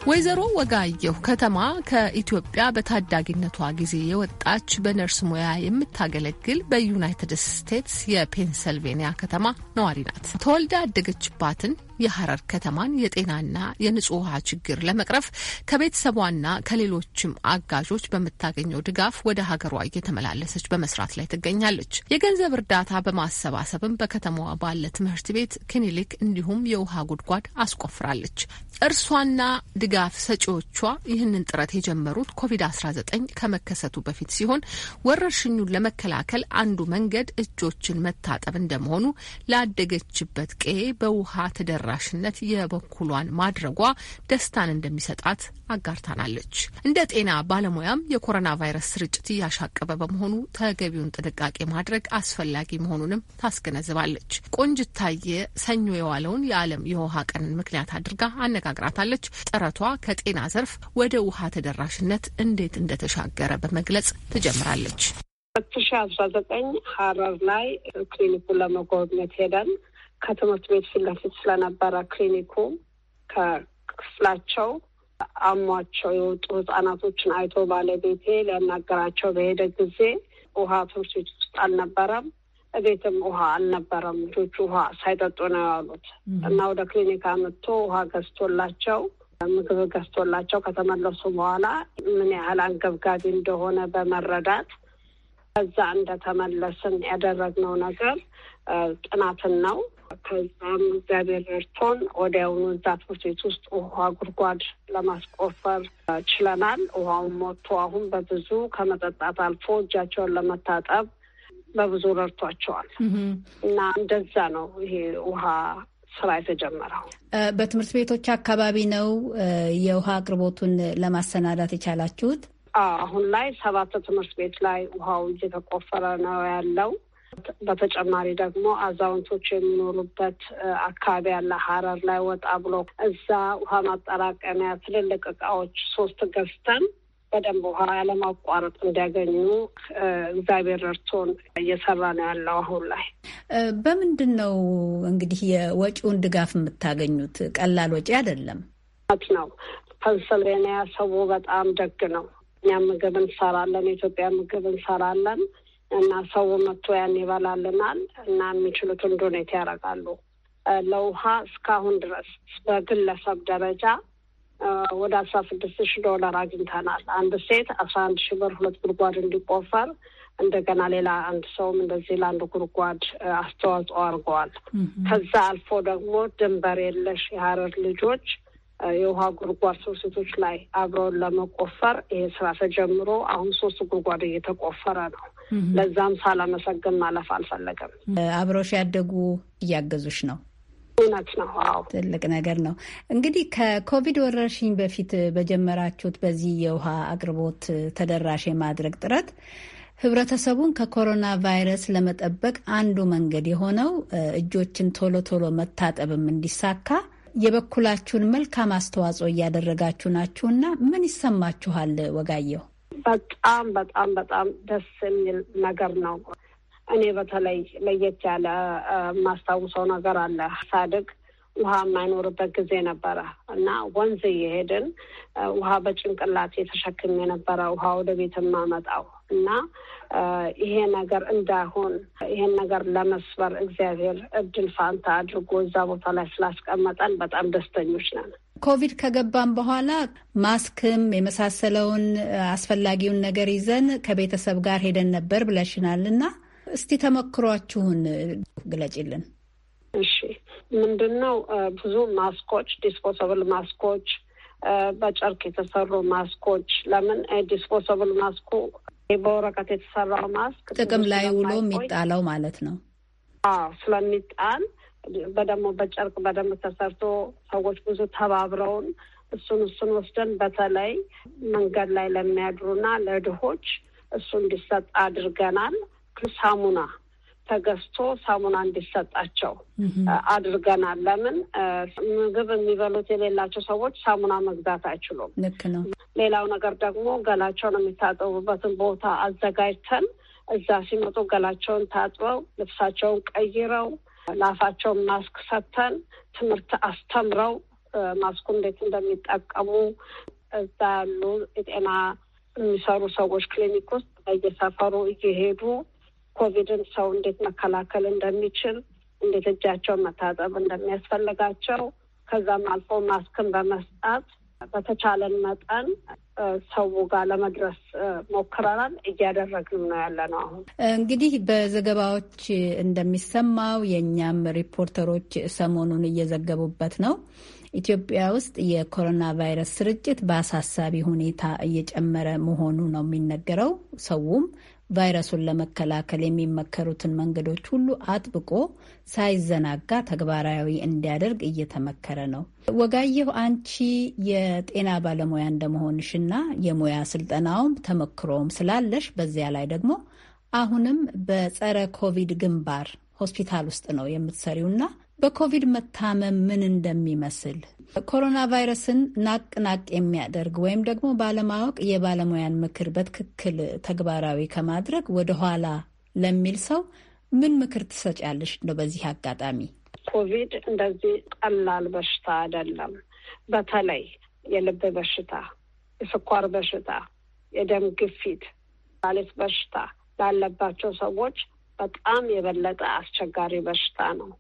ወይዘሮ ወጋየሁ ከተማ ከኢትዮጵያ በታዳጊነቷ ጊዜ የወጣች በነርስ ሙያ የምታገለግል በዩናይትድ ስቴትስ የፔንሰልቬኒያ ከተማ ነዋሪ ናት። ተወልዳ ያደገችባትን የሐረር ከተማን የጤናና የንጹህ ውሃ ችግር ለመቅረፍ ከቤተሰቧና ከሌሎችም አጋዦች በምታገኘው ድጋፍ ወደ ሀገሯ እየተመላለሰች በመስራት ላይ ትገኛለች። የገንዘብ እርዳታ በማሰባሰብም በከተማዋ ባለ ትምህርት ቤት ክሊኒክ፣ እንዲሁም የውሃ ጉድጓድ አስቆፍራለች። እርሷና ድጋፍ ሰጪዎቿ ይህንን ጥረት የጀመሩት ኮቪድ-19 ከመከሰቱ በፊት ሲሆን ወረርሽኙን ለመከላከል አንዱ መንገድ እጆችን መታጠብ እንደመሆኑ ላደገችበት ቀዬ በውሃ ተደረ ተደራሽነት የበኩሏን ማድረጓ ደስታን እንደሚሰጣት አጋርታናለች። እንደ ጤና ባለሙያም የኮሮና ቫይረስ ስርጭት እያሻቀበ በመሆኑ ተገቢውን ጥንቃቄ ማድረግ አስፈላጊ መሆኑንም ታስገነዝባለች። ቆንጅታየ ሰኞ የዋለውን የዓለም የውሃ ቀንን ምክንያት አድርጋ አነጋግራታለች። ጥረቷ ከጤና ዘርፍ ወደ ውሃ ተደራሽነት እንዴት እንደተሻገረ በመግለጽ ትጀምራለች። ሁለት ሺ አስራ ዘጠኝ ሀረር ላይ ክሊኒኩን ለመጎብኘት ሄደን ከትምህርት ቤት ፊት ለፊት ስለነበረ ክሊኒኩ ከክፍላቸው አሟቸው የወጡ ህጻናቶችን አይቶ ባለቤቴ ሊያናገራቸው በሄደ ጊዜ ውሃ ትምህርት ቤት ውስጥ አልነበረም፣ እቤትም ውሃ አልነበረም። ልጆቹ ውሃ ሳይጠጡ ነው ያሉት እና ወደ ክሊኒክ አምጥቶ ውሃ ገዝቶላቸው ምግብ ገዝቶላቸው ከተመለሱ በኋላ ምን ያህል አንገብጋቢ እንደሆነ በመረዳት ከዛ እንደተመለስን ያደረግነው ነገር ጥናትን ነው። ከዛም እግዚአብሔር ረድቶን ወዲያውኑ እዛ ትምህርት ቤት ውስጥ ውሃ ጉድጓድ ለማስቆፈር ችለናል። ውሃውን ሞቶ አሁን በብዙ ከመጠጣት አልፎ እጃቸውን ለመታጠብ በብዙ ረድቷቸዋል እና እንደዛ ነው ይሄ ውሃ ስራ የተጀመረው። በትምህርት ቤቶች አካባቢ ነው የውሃ አቅርቦቱን ለማሰናዳት የቻላችሁት? አሁን ላይ ሰባት ትምህርት ቤት ላይ ውሃው እየተቆፈረ ነው ያለው። በተጨማሪ ደግሞ አዛውንቶች የሚኖሩበት አካባቢ ያለ ሀረር ላይ ወጣ ብሎ እዛ ውሃ ማጠራቀሚያ ትልልቅ እቃዎች ሶስት ገዝተን በደንብ ውሃ ያለማቋረጥ እንዲያገኙ እግዚአብሔር እርቶን እየሰራ ነው ያለው። አሁን ላይ በምንድን ነው እንግዲህ የወጪውን ድጋፍ የምታገኙት? ቀላል ወጪ አይደለም ነው። ፐንስልቬንያ ሰው በጣም ደግ ነው። እኛ ምግብ እንሰራለን፣ የኢትዮጵያ ምግብ እንሰራለን። እና ሰው መጥቶ ያን ይበላልናል እና የሚችሉትን ዶኔት ያደርጋሉ። ለውሃ እስካሁን ድረስ በግለሰብ ደረጃ ወደ አስራ ስድስት ሺህ ዶላር አግኝተናል። አንድ ሴት አስራ አንድ ሺህ ብር ሁለት ጉድጓድ እንዲቆፈር እንደገና ሌላ አንድ ሰውም እንደዚህ ለአንድ ጉድጓድ አስተዋጽኦ አድርገዋል። ከዛ አልፎ ደግሞ ድንበር የለሽ የሀረር ልጆች የውሃ ጉድጓድ ሰው ሴቶች ላይ አብረውን ለመቆፈር ይሄ ስራ ተጀምሮ አሁን ሶስት ጉድጓድ እየተቆፈረ ነው። ለዛም ሳላመሰግን ማለፍ አልፈለግም። አብሮሽ ያደጉ እያገዙሽ ነው። እውነት ነው። አዎ ትልቅ ነገር ነው። እንግዲህ ከኮቪድ ወረርሽኝ በፊት በጀመራችሁት በዚህ የውሃ አቅርቦት ተደራሽ የማድረግ ጥረት ህብረተሰቡን ከኮሮና ቫይረስ ለመጠበቅ አንዱ መንገድ የሆነው እጆችን ቶሎ ቶሎ መታጠብም እንዲሳካ የበኩላችሁን መልካም አስተዋጽኦ እያደረጋችሁ ናችሁና ምን ይሰማችኋል ወጋየሁ? በጣም በጣም በጣም ደስ የሚል ነገር ነው። እኔ በተለይ ለየት ያለ የማስታውሰው ነገር አለ። ሳድግ ውሃ የማይኖርበት ጊዜ ነበረ እና ወንዝ እየሄድን ውሃ በጭንቅላት የተሸክም የነበረ ውሃ ወደ ቤት የማመጣው እና ይሄ ነገር እንዳይሆን ይሄን ነገር ለመስበር እግዚአብሔር እድል ፋንታ አድርጎ እዛ ቦታ ላይ ስላስቀመጠን በጣም ደስተኞች ነን። ኮቪድ ከገባን በኋላ ማስክም የመሳሰለውን አስፈላጊውን ነገር ይዘን ከቤተሰብ ጋር ሄደን ነበር ብለሽናል እና እስቲ ተሞክሯችሁን ግለጭልን። እሺ፣ ምንድን ነው ብዙ ማስኮች፣ ዲስፖሰብል ማስኮች፣ በጨርቅ የተሰሩ ማስኮች። ለምን ዲስፖሰብል ማስኩ በወረቀት የተሰራው ማስክ ጥቅም ላይ ውሎ የሚጣለው ማለት ነው ስለሚጣል በደግሞ በጨርቅ በደንብ ተሰርቶ ሰዎች ብዙ ተባብረውን እሱን እሱን ወስደን በተለይ መንገድ ላይ ለሚያድሩና ለድሆች እሱ እንዲሰጥ አድርገናል። ሳሙና ተገዝቶ ሳሙና እንዲሰጣቸው አድርገናል። ለምን ምግብ የሚበሉት የሌላቸው ሰዎች ሳሙና መግዛት አይችሉም። ልክ ነው። ሌላው ነገር ደግሞ ገላቸውን የሚታጠቡበትን ቦታ አዘጋጅተን እዛ ሲመጡ ገላቸውን ታጥበው ልብሳቸውን ቀይረው ለአፋቸውን ማስክ ሰጥተን ትምህርት አስተምረው ማስኩ እንዴት እንደሚጠቀሙ እዛ ያሉ የጤና የሚሰሩ ሰዎች ክሊኒክ ውስጥ በየሰፈሩ እየሄዱ ኮቪድን ሰው እንዴት መከላከል እንደሚችል እንዴት እጃቸውን መታጠብ እንደሚያስፈልጋቸው ከዛም አልፎ ማስክን በመስጣት በተቻለን መጠን ሰው ጋር ለመድረስ ሞክረናል፣ እያደረግንም ነው ያለ ነው። አሁን እንግዲህ በዘገባዎች እንደሚሰማው የእኛም ሪፖርተሮች ሰሞኑን እየዘገቡበት ነው ኢትዮጵያ ውስጥ የኮሮና ቫይረስ ስርጭት በአሳሳቢ ሁኔታ እየጨመረ መሆኑ ነው የሚነገረው። ሰውም ቫይረሱን ለመከላከል የሚመከሩትን መንገዶች ሁሉ አጥብቆ ሳይዘናጋ ተግባራዊ እንዲያደርግ እየተመከረ ነው። ወጋየሁ፣ አንቺ የጤና ባለሙያ እንደመሆንሽና የሙያ ስልጠናውም ተመክሮም ስላለሽ በዚያ ላይ ደግሞ አሁንም በጸረ ኮቪድ ግንባር ሆስፒታል ውስጥ ነው የምትሰሪውና በኮቪድ መታመም ምን እንደሚመስል ኮሮና ቫይረስን ናቅ ናቅ የሚያደርግ ወይም ደግሞ ባለማወቅ የባለሙያን ምክር በትክክል ተግባራዊ ከማድረግ ወደኋላ ለሚል ሰው ምን ምክር ትሰጫለሽ? ነው በዚህ አጋጣሚ ኮቪድ እንደዚህ ቀላል በሽታ አይደለም። በተለይ የልብ በሽታ፣ የስኳር በሽታ፣ የደም ግፊት፣ ላሊት በሽታ ላለባቸው ሰዎች በጣም የበለጠ አስቸጋሪ በሽታ ነው።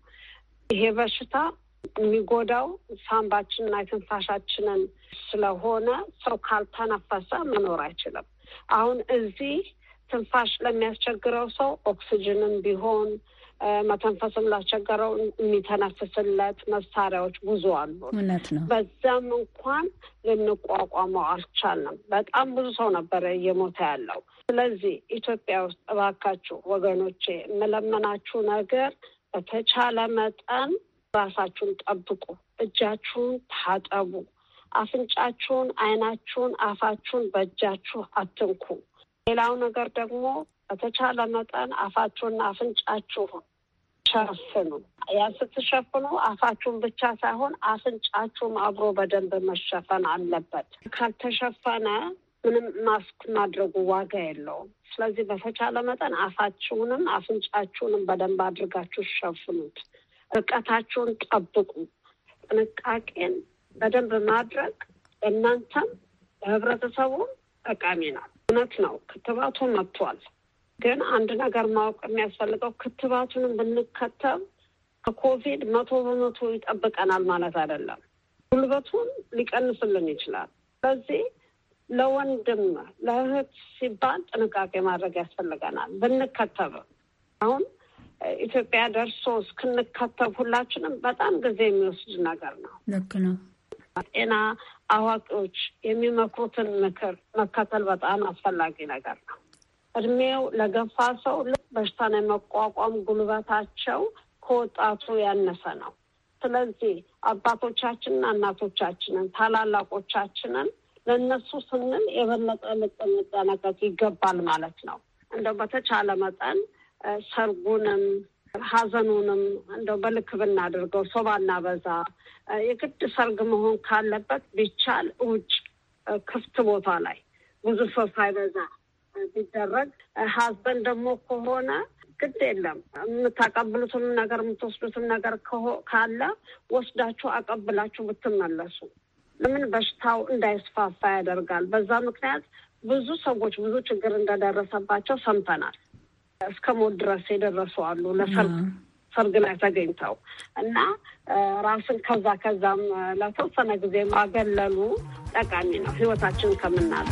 ይሄ በሽታ የሚጎዳው ሳምባችንና የትንፋሻችንን ስለሆነ ሰው ካልተነፈሰ መኖር አይችልም። አሁን እዚህ ትንፋሽ ለሚያስቸግረው ሰው ኦክስጅንም ቢሆን መተንፈስም ላስቸገረው የሚተነፍስለት መሳሪያዎች ብዙ አሉ። እውነት ነው። በዛም እንኳን ልንቋቋመው አልቻልንም። በጣም ብዙ ሰው ነበረ እየሞተ ያለው። ስለዚህ ኢትዮጵያ ውስጥ እባካችሁ ወገኖቼ የምለመናችሁ ነገር በተቻለ መጠን ራሳችሁን ጠብቁ፣ እጃችሁን ታጠቡ፣ አፍንጫችሁን፣ አይናችሁን፣ አፋችሁን በእጃችሁ አትንኩ። ሌላው ነገር ደግሞ በተቻለ መጠን አፋችሁና አፍንጫችሁን ሸፍኑ። ያ ስትሸፍኑ አፋችሁን ብቻ ሳይሆን አፍንጫችሁም አብሮ በደንብ መሸፈን አለበት። ካልተሸፈነ ምንም ማስክ ማድረጉ ዋጋ የለውም። ስለዚህ በተቻለ መጠን አፋችሁንም አፍንጫችሁንም በደንብ አድርጋችሁ ሸፍኑት። ርቀታችሁን ጠብቁ። ጥንቃቄን በደንብ ማድረግ እናንተም ለህብረተሰቡም ጠቃሚ ናት። እውነት ነው፣ ክትባቱ መጥቷል። ግን አንድ ነገር ማወቅ የሚያስፈልገው ክትባቱንም ብንከተብ ከኮቪድ መቶ በመቶ ይጠብቀናል ማለት አይደለም። ጉልበቱን ሊቀንስልን ይችላል። ስለዚህ ለወንድም ለእህት ሲባል ጥንቃቄ ማድረግ ያስፈልገናል። ብንከተብ አሁን ኢትዮጵያ ደርሶ እስክንከተብ ሁላችንም በጣም ጊዜ የሚወስድ ነገር ነው። ልክ ነው። ጤና አዋቂዎች የሚመክሩትን ምክር መከተል በጣም አስፈላጊ ነገር ነው። እድሜው ለገፋ ሰው በሽታን የመቋቋም ጉልበታቸው ከወጣቱ ያነሰ ነው። ስለዚህ አባቶቻችንና እናቶቻችንን ታላላቆቻችንን ለእነሱ ስንል የበለጠ ልንጠነቀቅ ይገባል ማለት ነው። እንደው በተቻለ መጠን ሰርጉንም ሀዘኑንም እንደው በልክ ብናደርገው ሰው ባናበዛ፣ የግድ ሰርግ መሆን ካለበት ቢቻል ውጭ ክፍት ቦታ ላይ ብዙ ሰው ሳይበዛ ቢደረግ፣ ሀዘን ደግሞ ከሆነ ግድ የለም የምታቀብሉትም ነገር የምትወስዱትም ነገር ካለ ወስዳችሁ አቀብላችሁ ብትመለሱ ለምን በሽታው እንዳይስፋፋ ያደርጋል። በዛ ምክንያት ብዙ ሰዎች ብዙ ችግር እንደደረሰባቸው ሰምተናል። እስከ ሞት ድረስ የደረሱ አሉ ለሰርግ ሰርግ ላይ ተገኝተው እና ራስን ከዛ ከዛም ለተወሰነ ጊዜ ማገለሉ ጠቃሚ ነው ህይወታችን ከምናጣ